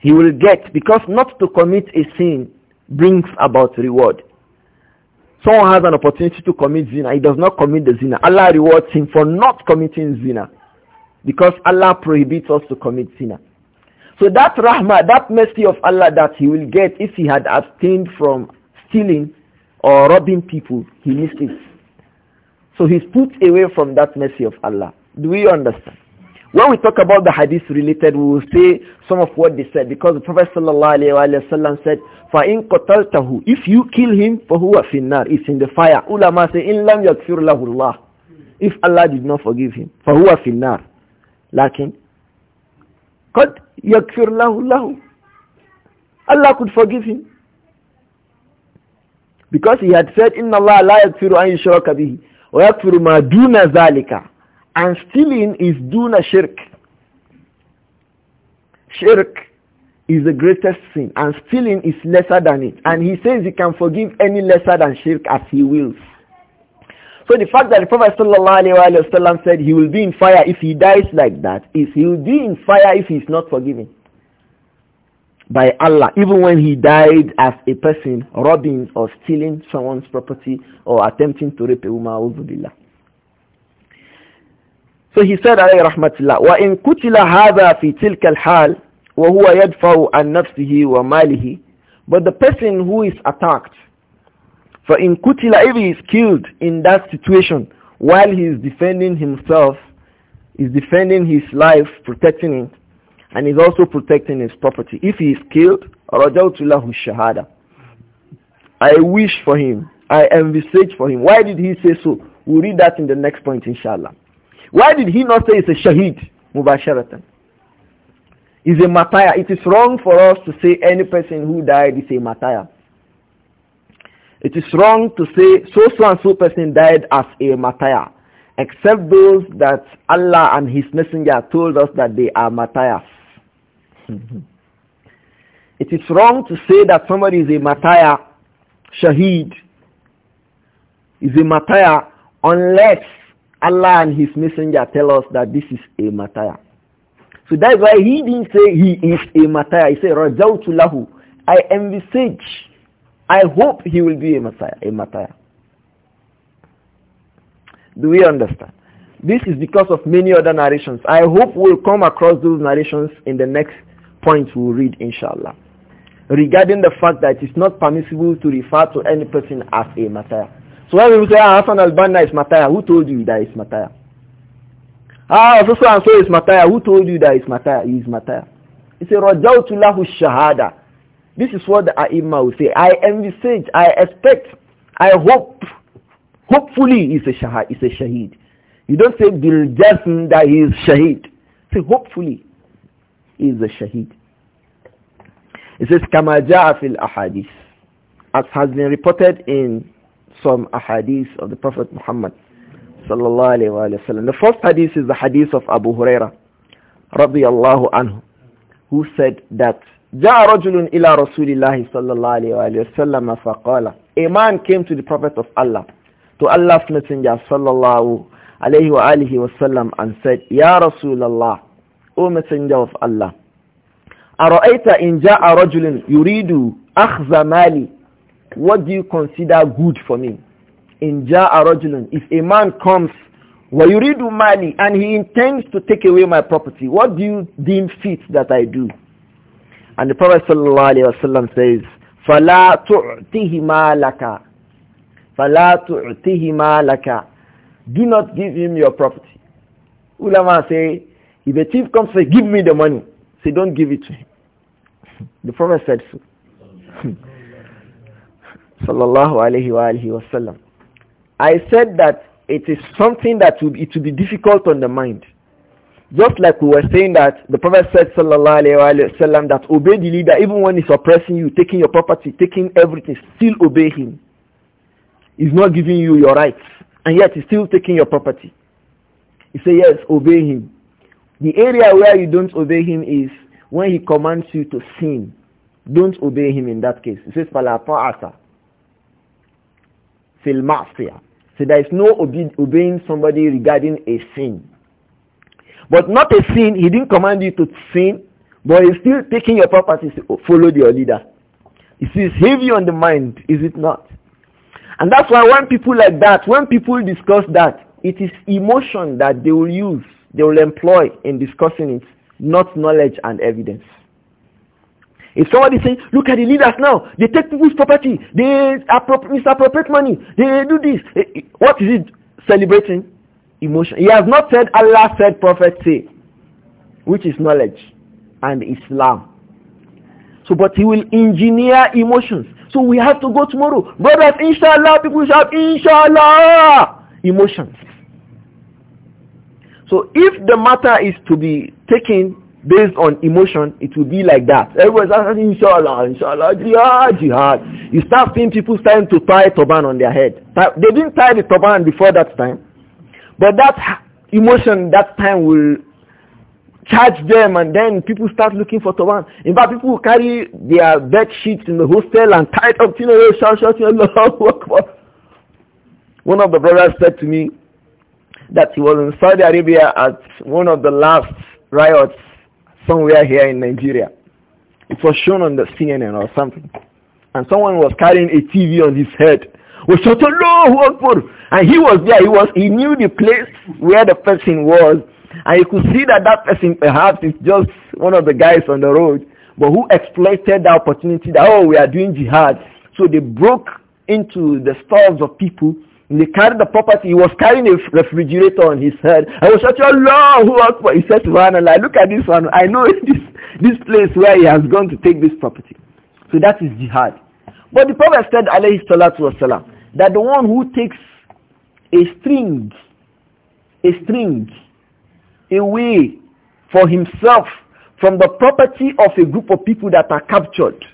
he will get because not to commit a sin brings about reward. Someone has an opportunity to commit zina. He does not commit the zina. Allah rewards him for not committing zina. Because Allah prohibits us to commit zina. So that rahmah, that mercy of Allah that he will get if he had abstained from stealing or robbing people, he missed it. So he's put away from that mercy of Allah. Do we understand? When we talk about the hadith related, we will say some of what they said because the Prophet wasallam said, فَإِن قَتَلْتَهُ If you kill him, فَهُوَ فِي النَّارِ It's in the fire. Ulama say, إِن لَمْ يَكْفِرْ لَهُ اللَّهِ If Allah did not forgive him, فَهُوَ فِي النَّارِ Lakin, قَدْ يَكْفِرْ لَهُ اللَّهُ Allah could forgive him. Because he had said, إِنَّ اللَّهَ لَا يَكْفِرُ أَن يُشْرَكَ بِهِ وَيَكْفِرُ مَا دُونَ ذَلِكَ and stealing is doing a shirk. Shirk is the greatest sin and stealing is lesser than it. And he says he can forgive any lesser than shirk as he wills. So the fact that the Prophet ﷺ said he will be in fire if he dies like that is he will be in fire if he is not forgiven by Allah, even when he died as a person robbing or stealing someone's property or attempting to rape a woman, so he said alayhi rahmatullah, وَإِن قُتِلَ هَذَا فِي تِلْكَ الْحَالِ وَهُوَ يَدْفَعُ عَن نَفْسِهِ وَمَالِهِ But the person who is attacked, فَإِن قُتِلَ if he is killed in that situation while he is defending himself, is defending his life, protecting it, and is also protecting his property. If he is killed, رَجَوْتُ shahada. I wish for him. I envisage for him. Why did he say so? We'll read that in the next point, inshallah. Why did he not say it's a shaheed? Mubasharatan. Is a mataya. It is wrong for us to say any person who died is a mataya. It is wrong to say so so and so person died as a mataya, except those that Allah and His Messenger told us that they are matayas. Mm-hmm. it is wrong to say that somebody is a mataya, shaheed, is a mataya, unless Allah and his messenger tell us that this is a matter. So that's why he didn't say he is a matter. He said, Rajawtu lahu. I envisage, I hope he will be a Messiah, a Messiah. Do we understand? This is because of many other narrations. I hope we'll come across those narrations in the next point we'll read, inshallah. Regarding the fact that it's not permissible to refer to any person as a Messiah. So when we say, ah, Hassan al-Banna is Mataya, who told you that it's Mataya? Ah, so so and so is Mataya, who told you that it's Mataya? He is Mataya. He said, Rajawtu lahu shahada. This is what the Aima will say. I envisage, I expect, I hope, hopefully he's a shahid. He's a shaheed. You don't say Bil that he is shaheed. Say hopefully he is a shaheed. It says Kamaja fil ahadith. As has been reported in some ahadith of the Prophet Muhammad sallallahu alaihi wa sallam. The first hadith is the hadith of Abu Huraira radiyallahu anhu who said that جاء رجل إلى رسول الله صلى الله عليه وآله وسلم فقال A man came to the Prophet of Allah to Allah's Messenger sallallahu alayhi wa alihi wasallam and said يا رسول الله, O Messenger of Allah أرأيت إن جاء رجل يريد أخذ مالي what do you consider good for me? In ja'a if a man comes, wa mali, and he intends to take away my property, what do you deem fit that I do? And the Prophet sallallahu says, فَلَا تُعْتِهِ مَا لَكَ فَلَا تُعْتِهِ مَا لَكَ Do not give him your property. Ulama say, if a thief comes say, give me the money, say, don't give it to him. The Prophet said so. sallallahu alayhi wa alihi wasallam. I said that it is something that it would be difficult on the mind. Just like we were saying that the Prophet said sallallahu alayhi wa, alayhi wa sallam, that obey the leader even when he's oppressing you, taking your property, taking everything, still obey him. He's not giving you your rights and yet he's still taking your property. He said yes, obey him. The area where you don't obey him is when he commands you to sin. Don't obey him in that case. He says, fil So there is no obe obeying somebody regarding a sin. But not a sin, he didn't command you to sin, but he's still taking your property. to follow your leader. It is heavy on the mind, is it not? And that's why when people like that, when people discuss that, it is emotion that they will use, they will employ in discussing it, not knowledge and evidence. If somebody saying, look at the leaders now, they take people's property, they misappropriate money, they do this. Eh, eh, what is it celebrating? Emotion. He has not said Allah said prophet say, which is knowledge and Islam. So, but he will engineer emotions. So we have to go tomorrow. Brothers, inshallah, people have inshallah, emotions. So if the matter is to be taken based on emotion, it will be like that. Everyone's asking, ah, inshallah, inshallah, jihad, jihad. You start seeing people starting to tie turban on their head. They didn't tie the turban before that time. But that emotion that time will charge them and then people start looking for turban. In fact, people carry their bed sheets in the hostel and tie it up, you know, shout, shout, One of the brothers said to me that he was in Saudi Arabia at one of the last riots somewhere here in Nigeria. It was shown on the CNN or something. And someone was carrying a TV on his head. And he was there. He, was, he knew the place where the person was. And you could see that that person perhaps is just one of the guys on the road. But who exploited the opportunity that, oh, we are doing jihad. So they broke into the stores of people he carried the property. He was carrying a refrigerator on his head. I was such a Allahu Akbar. He said to Subhanallah, look at this one. I know this, this place where he has gone to take this property. So that is jihad. But the Prophet said, alayhi salatu wasalam, that the one who takes a string, a string, away for himself from the property of a group of people that are captured,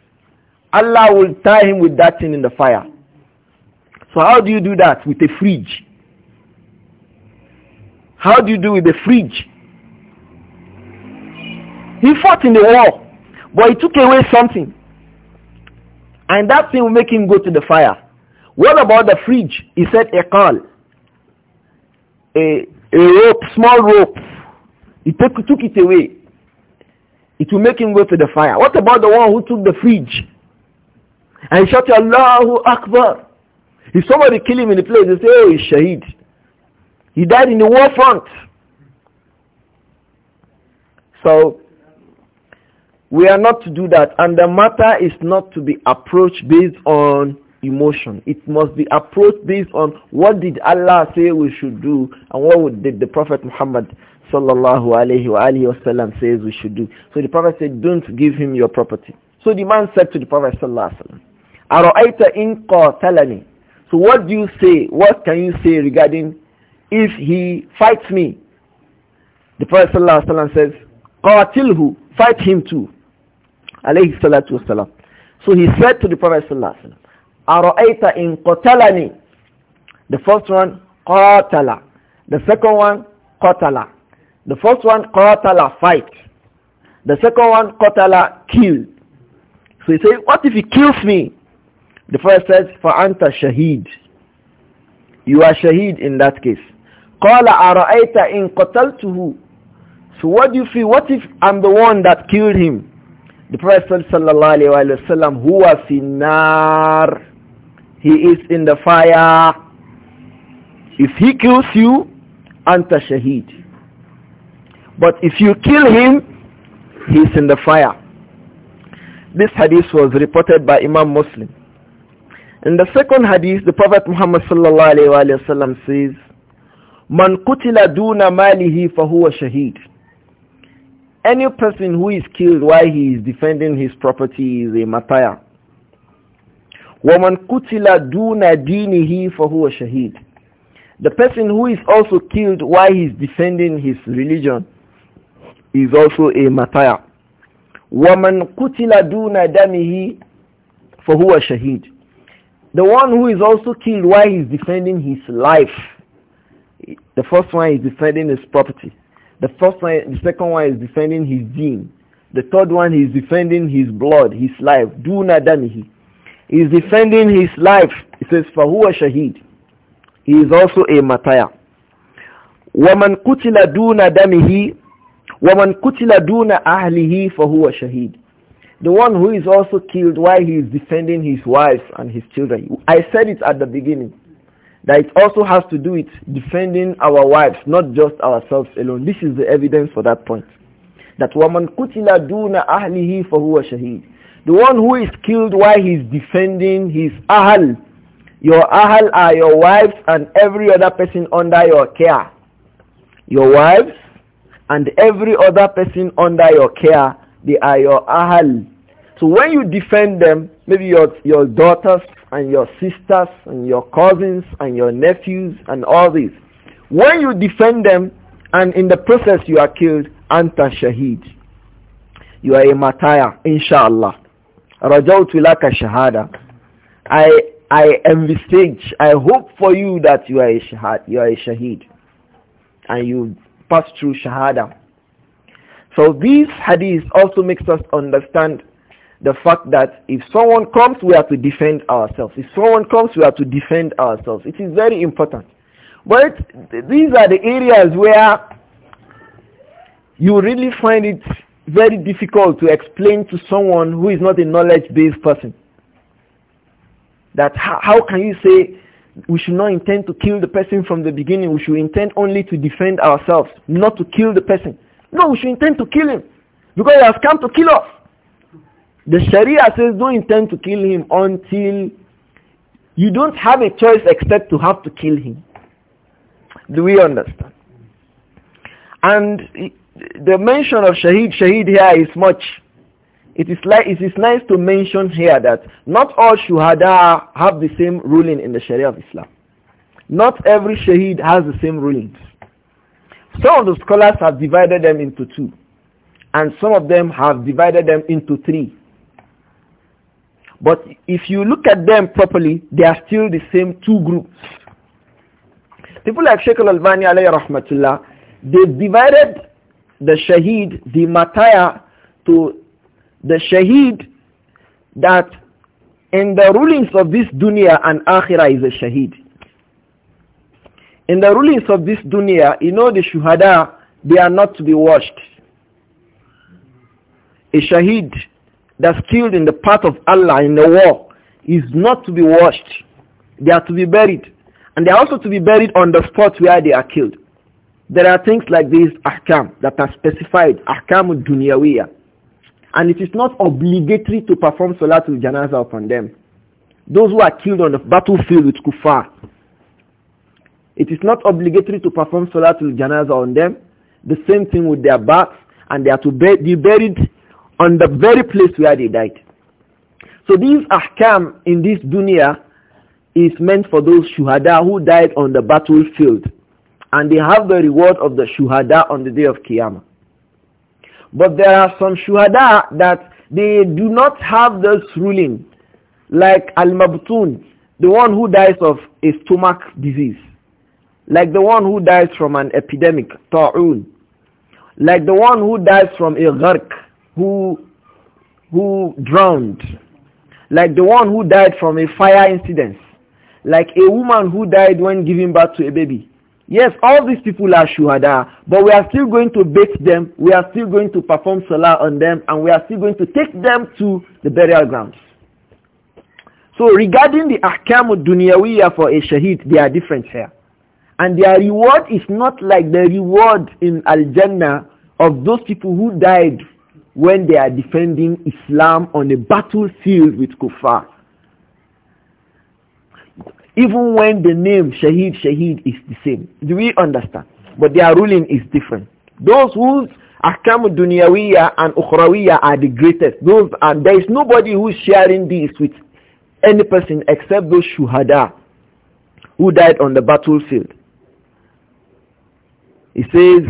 Allah will tie him with that thing in the fire. So how do you do that with a fridge? How do you do with a fridge? He fought in the war, but he took away something. And that thing will make him go to the fire. What about the fridge? He said a call. A, a rope, small rope. He took took it away. It will make him go to the fire. What about the one who took the fridge? And he shouted, Allahu Akbar. If somebody kill him in the place, they say, oh, he's shaheed. He died in the war front. So we are not to do that. And the matter is not to be approached based on emotion. It must be approached based on what did Allah say we should do and what did the Prophet Muhammad sallallahu alayhi wa alayhi wasallam says we should do. So the Prophet said, don't give him your property. So the man said to the Prophet sallallahu alayhi wa sallam, أَرَأَيْتَ إِن قَاتَلَنِي so what do you say? What can you say regarding if he fights me? The Prophet ﷺ says, Qatilhu, fight him too. Alayhi salatu wasalam. So he said to the Prophet ﷺ, Ara'ayta in qatalani. The first one, qatala. The second one, qatala. The first one, qatala, fight. The second one, qatala, kill. So he said, what if he kills me? The first says, فَأَنْتَ shaheed. You are shaheed in that case. قَالَ أَرَأَيْتَ إِن قَتَلْتُهُ So what do you feel? What if I'm the one that killed him? The Prophet sallallahu alayhi wa sallam, هُوَ فِي النَّارِ He is in the fire. If he kills you, أَنْتَ shaheed. But if you kill him, he is in the fire. This hadith was reported by Imam Muslim. In the second hadith, the Prophet Muhammad sallallahu alayhi wa sallam says, Man kutila duna malihi fahuwa shaheed. Any person who is killed while he is defending his property is a mataya. وَمَنْ قُتِلَ دُونَ دِينِهِ فَهُوَ شَهِيدٌ The person who is also killed while he is defending his religion is also a matayah. وَمَنْ قُتِلَ دُونَ دَمِهِ فَهُوَ شَهِيدٌ the one who is also killed while he is defending his life. The first one is defending his property. The first one, the second one is defending his deen. The third one is defending his blood, his life. Do damihi. He is defending his life. He says, Fahuwa Shahid. He is also a mataya. وَمَنْ قُتِلَ دُونَ دَمِهِ وَمَنْ قُتِلَ دُونَ أَهْلِهِ فَهُوَ شَهِيدٌ the one who is also killed while he is defending his wife and his children. I said it at the beginning that it also has to do with defending our wives, not just ourselves alone. This is the evidence for that point. That woman kutila duna ahlihi fahuwa shaheed. The one who is killed while he is defending his ahl. Your ahl are your wives and every other person under your care. Your wives and every other person under your care they are your ahl. So when you defend them, maybe your, your daughters and your sisters and your cousins and your nephews and all these, when you defend them and in the process you are killed, anta shaheed. You are a martyr, inshallah. Rajawtu laka shahada. I, I envisage, I hope for you that you are a shahad, you are a shaheed. And you pass through shahada. So these hadith also makes us understand the fact that if someone comes, we have to defend ourselves. If someone comes, we have to defend ourselves. It is very important. But these are the areas where you really find it very difficult to explain to someone who is not a knowledge-based person. That how can you say we should not intend to kill the person from the beginning. We should intend only to defend ourselves, not to kill the person. No, we should intend to kill him because he has come to kill us. The Sharia says don't intend to kill him until you don't have a choice except to have to kill him. Do we understand? And the mention of Shahid, Shahid here is much. It is, like, it is nice to mention here that not all Shuhada have the same ruling in the Sharia of Islam. Not every Shahid has the same ruling. Some of the scholars have divided them into two, and some of them have divided them into three. But if you look at them properly, they are still the same two groups. People like Sheikh al-Albani alayhi rahmatullah, they divided the shaheed, the mataya, to the shaheed that in the rulings of this dunya and akhirah is a shaheed. In the rulings of this dunya, you know the shuhada, they are not to be washed. A shaheed that's killed in the path of Allah in the war is not to be washed. They are to be buried. And they are also to be buried on the spot where they are killed. There are things like these ahkam that are specified, ahkam dunyawiyah. And it is not obligatory to perform salatul janaza upon them. Those who are killed on the battlefield with kuffar, it is not obligatory to perform Salatul Janaza on them. The same thing with their backs, and they are to be buried on the very place where they died. So these ahkam in this dunya is meant for those shuhada who died on the battlefield and they have the reward of the shuhada on the day of Qiyamah. But there are some shuhada that they do not have this ruling like al-mabtun, the one who dies of a stomach disease. Like the one who dies from an epidemic, ta'un. Like the one who dies from a gharq, who, who drowned. Like the one who died from a fire incident. Like a woman who died when giving birth to a baby. Yes, all these people are shuhada, but we are still going to bait them, we are still going to perform salah on them, and we are still going to take them to the burial grounds. So regarding the ahkam dunyawiyya for a shaheed, they are different here. And their reward is not like the reward in Al-Jannah of those people who died when they are defending Islam on a battlefield with kuffar. Even when the name Shaheed Shaheed is the same. Do we understand? But their ruling is different. Those whose Akam Dunyawiya and Ukhrawiya are the greatest. Those and there is nobody who's sharing this with any person except those shuhada who died on the battlefield. He says,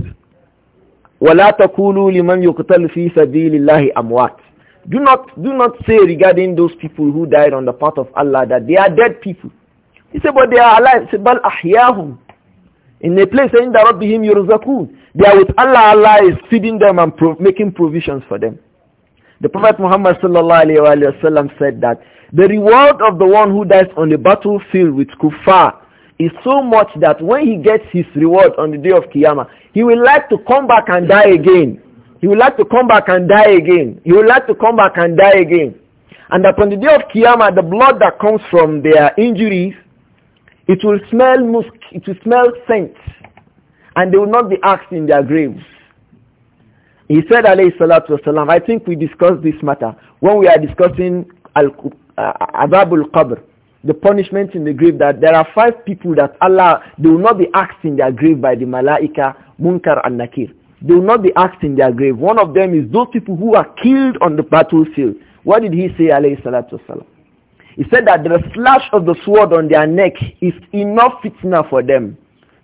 وَلَا تَقُولُوا لِمَنْ يُقْتَلْ فِي Do not, do not say regarding those people who died on the path of Allah that they are dead people. He said, but they are alive. He said, بَلْ In a place saying that رَبِّهِمْ يُرْزَقُونَ They are with Allah. Allah is feeding them and making provisions for them. The Prophet Muhammad sallallahu alayhi said that the reward of the one who dies on the battlefield with kuffar is so much that when he gets his reward on the day of Qiyamah, he will like to come back and die again. He will like to come back and die again. He will like to come back and die again. And upon the day of Qiyamah, the blood that comes from their injuries, it will smell musk, it will smell scent. And they will not be asked in their graves. He said, alayhi salatu wasalam, I think we discussed this matter when we are discussing al-ababul uh, qabr the punishment in the grave that there are five people that Allah, they will not be asked in their grave by the Malaika, Munkar and Nakir. They will not be asked in their grave. One of them is those people who are killed on the battlefield. What did he say, alayhi salatu wasalam? He said that the slash of the sword on their neck is enough fitna for them.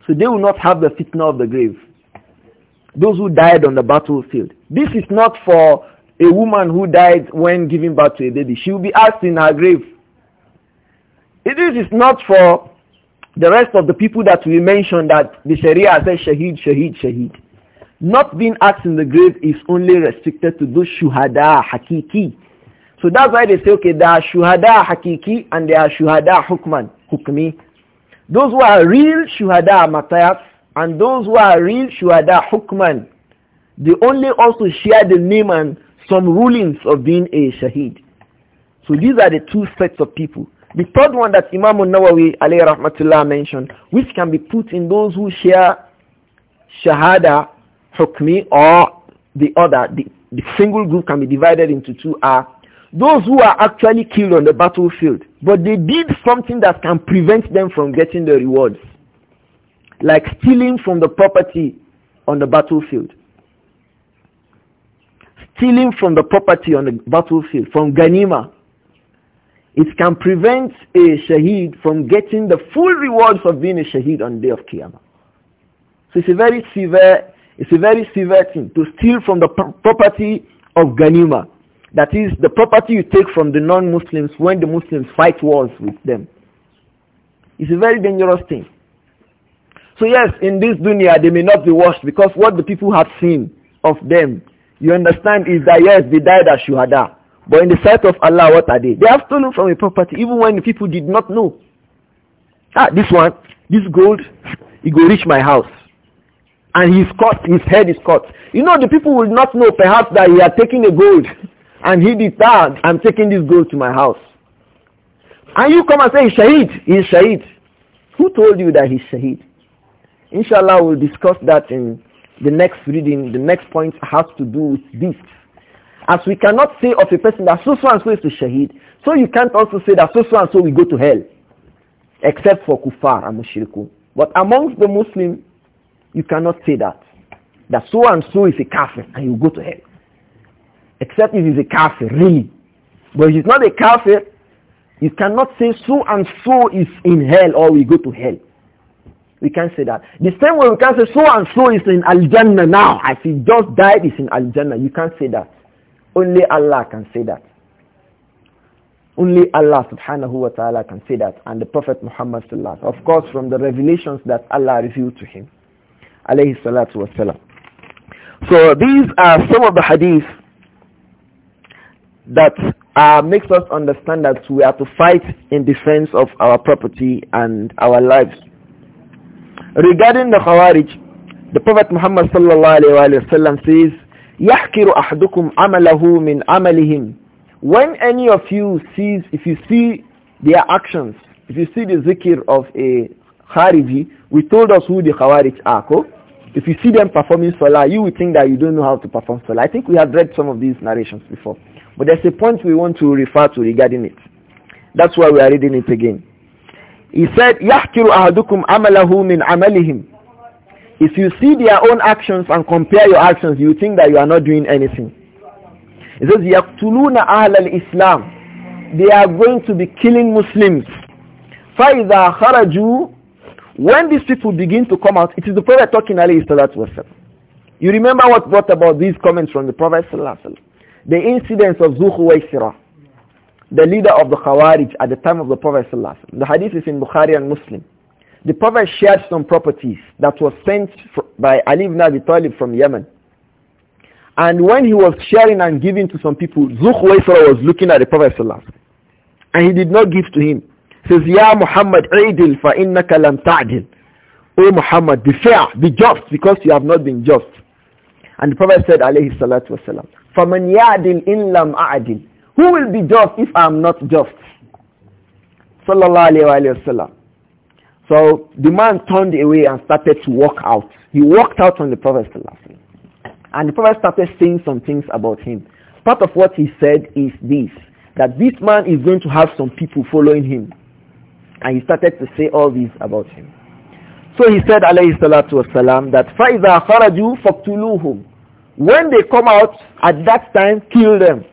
So they will not have the fitna of the grave. Those who died on the battlefield. This is not for a woman who died when giving birth to a baby. She will be asked in her grave this is not for the rest of the people that we mentioned that the Sharia says Shahid, Shahid, Shahid. Not being asked in the grave is only restricted to those Shuhada Hakiki. So that's why they say, okay, there are Shuhada Hakiki and there are Shuhada Hukman, Hukmi. Those who are real Shuhada matayat and those who are real Shuhada Hukman, they only also share the name and some rulings of being a Shahid. So these are the two sets of people. The third one that Imam al-Nawawi alayhi rahmatullah mentioned, which can be put in those who share shahada, hukmi or the other, the, the single group can be divided into two are those who are actually killed on the battlefield, but they did something that can prevent them from getting the rewards, like stealing from the property on the battlefield. Stealing from the property on the battlefield, from Ganima, it can prevent a shaheed from getting the full rewards of being a shaheed on the day of Qiyamah. So it's a very severe, it's a very severe thing to steal from the property of Ghanima. That is the property you take from the non-Muslims when the Muslims fight wars with them. It's a very dangerous thing. So yes, in this dunya they may not be washed because what the people have seen of them, you understand, is that yes, they died as shuhada. But in the sight of Allah, what are they? They have stolen from a property even when people did not know. Ah, this one, this gold, it will reach my house. And he's caught, his head is caught. You know, the people will not know perhaps that he had taken the gold and he did that. Ah, I'm taking this gold to my house. And you come and say, Shahid, he's Shahid. Who told you that he's Shahid? Inshallah, we'll discuss that in the next reading. The next point has to do with this. As we cannot say of a person that so so and so is a shaheed, so you can't also say that so so and so will go to hell, except for kuffar and mushrikun. But amongst the Muslims, you cannot say that. That so and so is a kafir and you go to hell. Except if he's a kafir, really. But if he's not a kafir, you cannot say so and so is in hell or we go to hell. We can't say that. The same way we can't say so and so is in Al-Jannah now. If he just died, is in Al-Jannah. You can't say that. Only Allah can say that. Only Allah subhanahu wa ta'ala can say that and the Prophet Muhammad sallallahu Of course from the revelations that Allah revealed to him. Alayhi salatu wa So these are some of the hadith that uh, makes us understand that we are to fight in defense of our property and our lives. Regarding the Khawarij, the Prophet Muhammad sallallahu alayhi wa sallam says, يَحْكِرُ أَحْدُكُمْ amalahu min amalihim. When any of you sees, if you see their actions, if you see the zikr of a Khariji, we told us who the Khawarij are. If you see them performing Salah, you will think that you don't know how to perform Salah. I think we have read some of these narrations before. But there's a point we want to refer to regarding it. That's why we are reading it again. He said, يَحْكِرُ ahadukum amalahu min amalihim. If you see their own actions and compare your actions, you think that you are not doing anything. It says, يَقْتُلُونَ أَهْلَ islam They are going to be killing Muslims. فَإِذَا خَرَجُوا When these people begin to come out, it is the Prophet talking alayhi salatu wasalam. You remember what brought about these comments from the Prophet sallallahu The incidents of Zuhu Waisirah the leader of the Khawarij at the time of the Prophet The hadith is in Bukhari and Muslim. The Prophet shared some properties that was sent by Ali ibn Abi Talib from Yemen. And when he was sharing and giving to some people, Zuh was looking at the Prophet and he did not give to him. He says, Ya Muhammad, idil fa innaka lam ta'dil. O Muhammad, be fair, be just, because you have not been just. And the Prophet said, alayhi salatu wasalam, فَمَنْ يَعْدِلْ إِنْ لَمْ أَعْدِلْ Who will be just if I am not just? Sallallahu alayhi wa sallam. So the man turned away and started to walk out. He walked out from the Prophet and the Prophet started saying some things about him. Part of what he said is this, that this man is going to have some people following him. And he started to say all this about him. So he said, alayhi salatu wasalam, that فَإِذَا خَرَجُوا فَقْتُلُوهُمْ When they come out, at that time, kill them.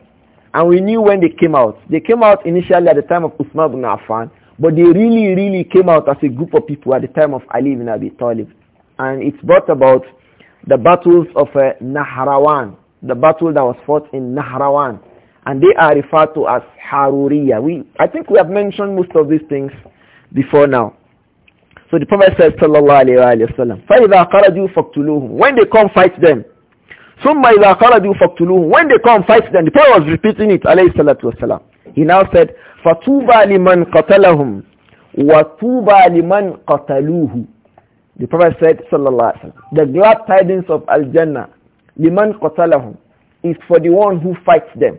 And we knew when they came out. They came out initially at the time of Usman ibn Affan. But they really, really came out as a group of people at the time of Ali ibn Abi Talib. And it's brought about the battles of uh, Nahrawan, the battle that was fought in Nahrawan. And they are referred to as Haruriya. We, I think we have mentioned most of these things before now. So the Prophet says, sallallahu Alaihi Wasallam." فَإِذَا خَرَجُوا فَاقْتُلُوهُم When they come, fight them. ثُمَّ إِذَا خَرَجُوا فَاقْتُلُوهُم When they come, fight them. The Prophet was repeating it, alayhi salatu wasalam. He now said, Fatuba liman qatalahum wa tuba liman qataluhu. The Prophet said, sallallahu alaihi wasallam, the glad tidings of Al-Jannah, liman qatalahum, is for the one who fights them.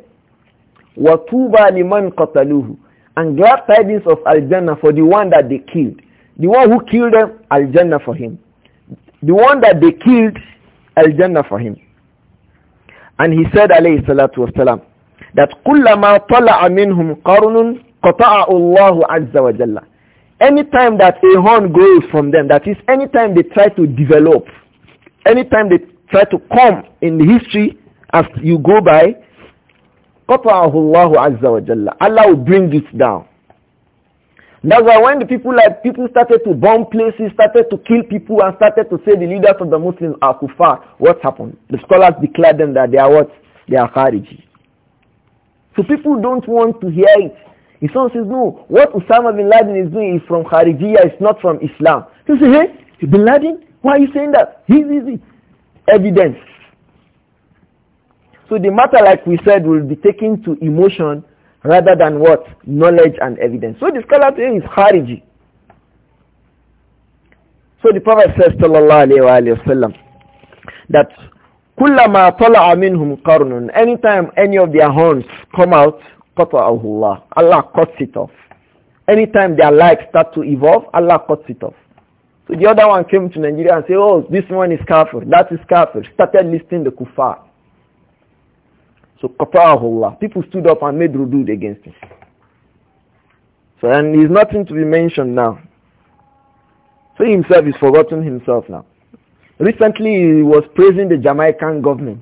Wa tuba liman qataluhu. And glad tidings of Al-Jannah for the one that they killed. The one who killed them, Al-Jannah for him. The one that they killed, Al-Jannah for him. And he said, alayhi salatu wasalam, that كُلَّمَا طَلَعَ مِنْهُمْ قَرْنٌ قَطَعَهُ azza wa jalla. Anytime that a horn grows from them, that is, anytime they try to develop, anytime they try to come in the history as you go by, قَطَعَهُ azza wa jalla. Allah will bring it down. That's why when the people like people started to bomb places, started to kill people, and started to say the leaders of the Muslims are kuffar, what happened? The scholars declared them that they are what? They are Khariji. So people don't want to hear it. His son says, no, what Osama bin Laden is doing is from Kharijiyah, it's not from Islam. He say, hey, bin Laden, why are you saying that? He's easy. Evidence. So the matter, like we said, will be taken to emotion rather than what? Knowledge and evidence. So the scholar today is Khariji. So the Prophet says, sallallahu alayhi wa sallam, that كلما طلع منهم قرن anytime any of their horns come out قطعه الله Allah cuts it off anytime their life start to evolve Allah cuts it off so the other one came to Nigeria and said oh this one is kafir that is kafir started listing the kuffar so قطعه الله people stood up and made rudud against him so and he's nothing to be mentioned now so himself is forgotten himself now Recently, he was praising the Jamaican government,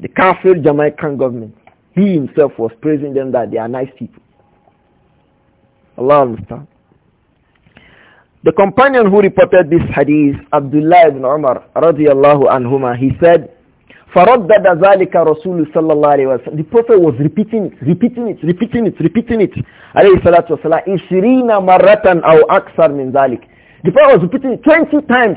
the Kafir Jamaican government. He himself was praising them that they are nice people. Allah understand. The companion who reported this hadith, Abdullah ibn Umar radiallahu anhumah, he said, فَرَدَّدَ ذَلِكَ رَسُولُ صَلَّى اللَّهُ عَلَيْهِ وَسَلَّمَ The Prophet was repeating it, repeating it, repeating it, repeating it. عليه الصلاة والسلام. إِشْرِينَ مَرَّةً أَوْ أَكْثَرْ مِنْ ذَلِكَ The Prophet was repeating it 20 times.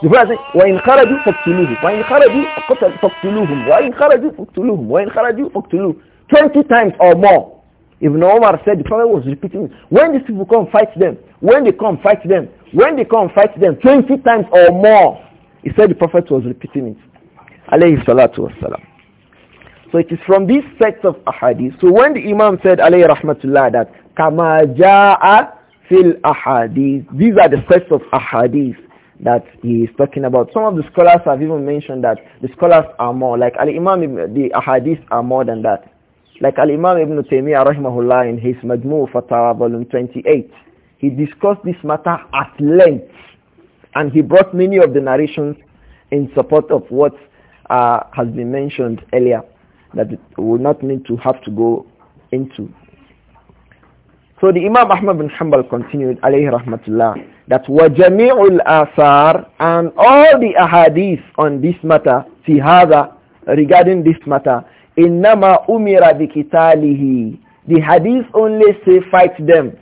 The Prophet said, وَإِنْ خَرَجُوا فَاقْتُلُوهُ وَإِنْ خَرَجُوا فَاقْتُلُوهُمْ وَإِنْ خَرَجُوا فَاقْتُلُوهُمْ وَإِنْ خَرَجُوا فَاقْتُلُوهُمْ 20 times or more. Ibn Omar said, the Prophet was repeating, when these people come, fight them. When they come, fight them. When they come, fight them. 20 times or more. He said the Prophet was repeating it. Alayhi salatu wassalam. So it is from these sets of ahadith. So when the Imam said, alayhi rahmatullah, that kama ja'a fil ahadith. These are the sets of ahadith that he is talking about. Some of the scholars have even mentioned that the scholars are more, like Al-Imam, the ahadith are more than that. Like Al-Imam Ibn Taymiyyah rahimahullah in his Majmu' Fatawa volume 28, he discussed this matter at length and he brought many of the narrations in support of what uh, has been mentioned earlier that we will not need to have to go into. So the Imam Ahmad bin Hanbal continued, alayhi rahmatullah, that وَجَمِيعُ الْآثَارِ and all the ahadith on this matter, في هذا, regarding this matter, إِنَّمَا أُمِرَ بِكِتَالِهِ The hadith only say fight them.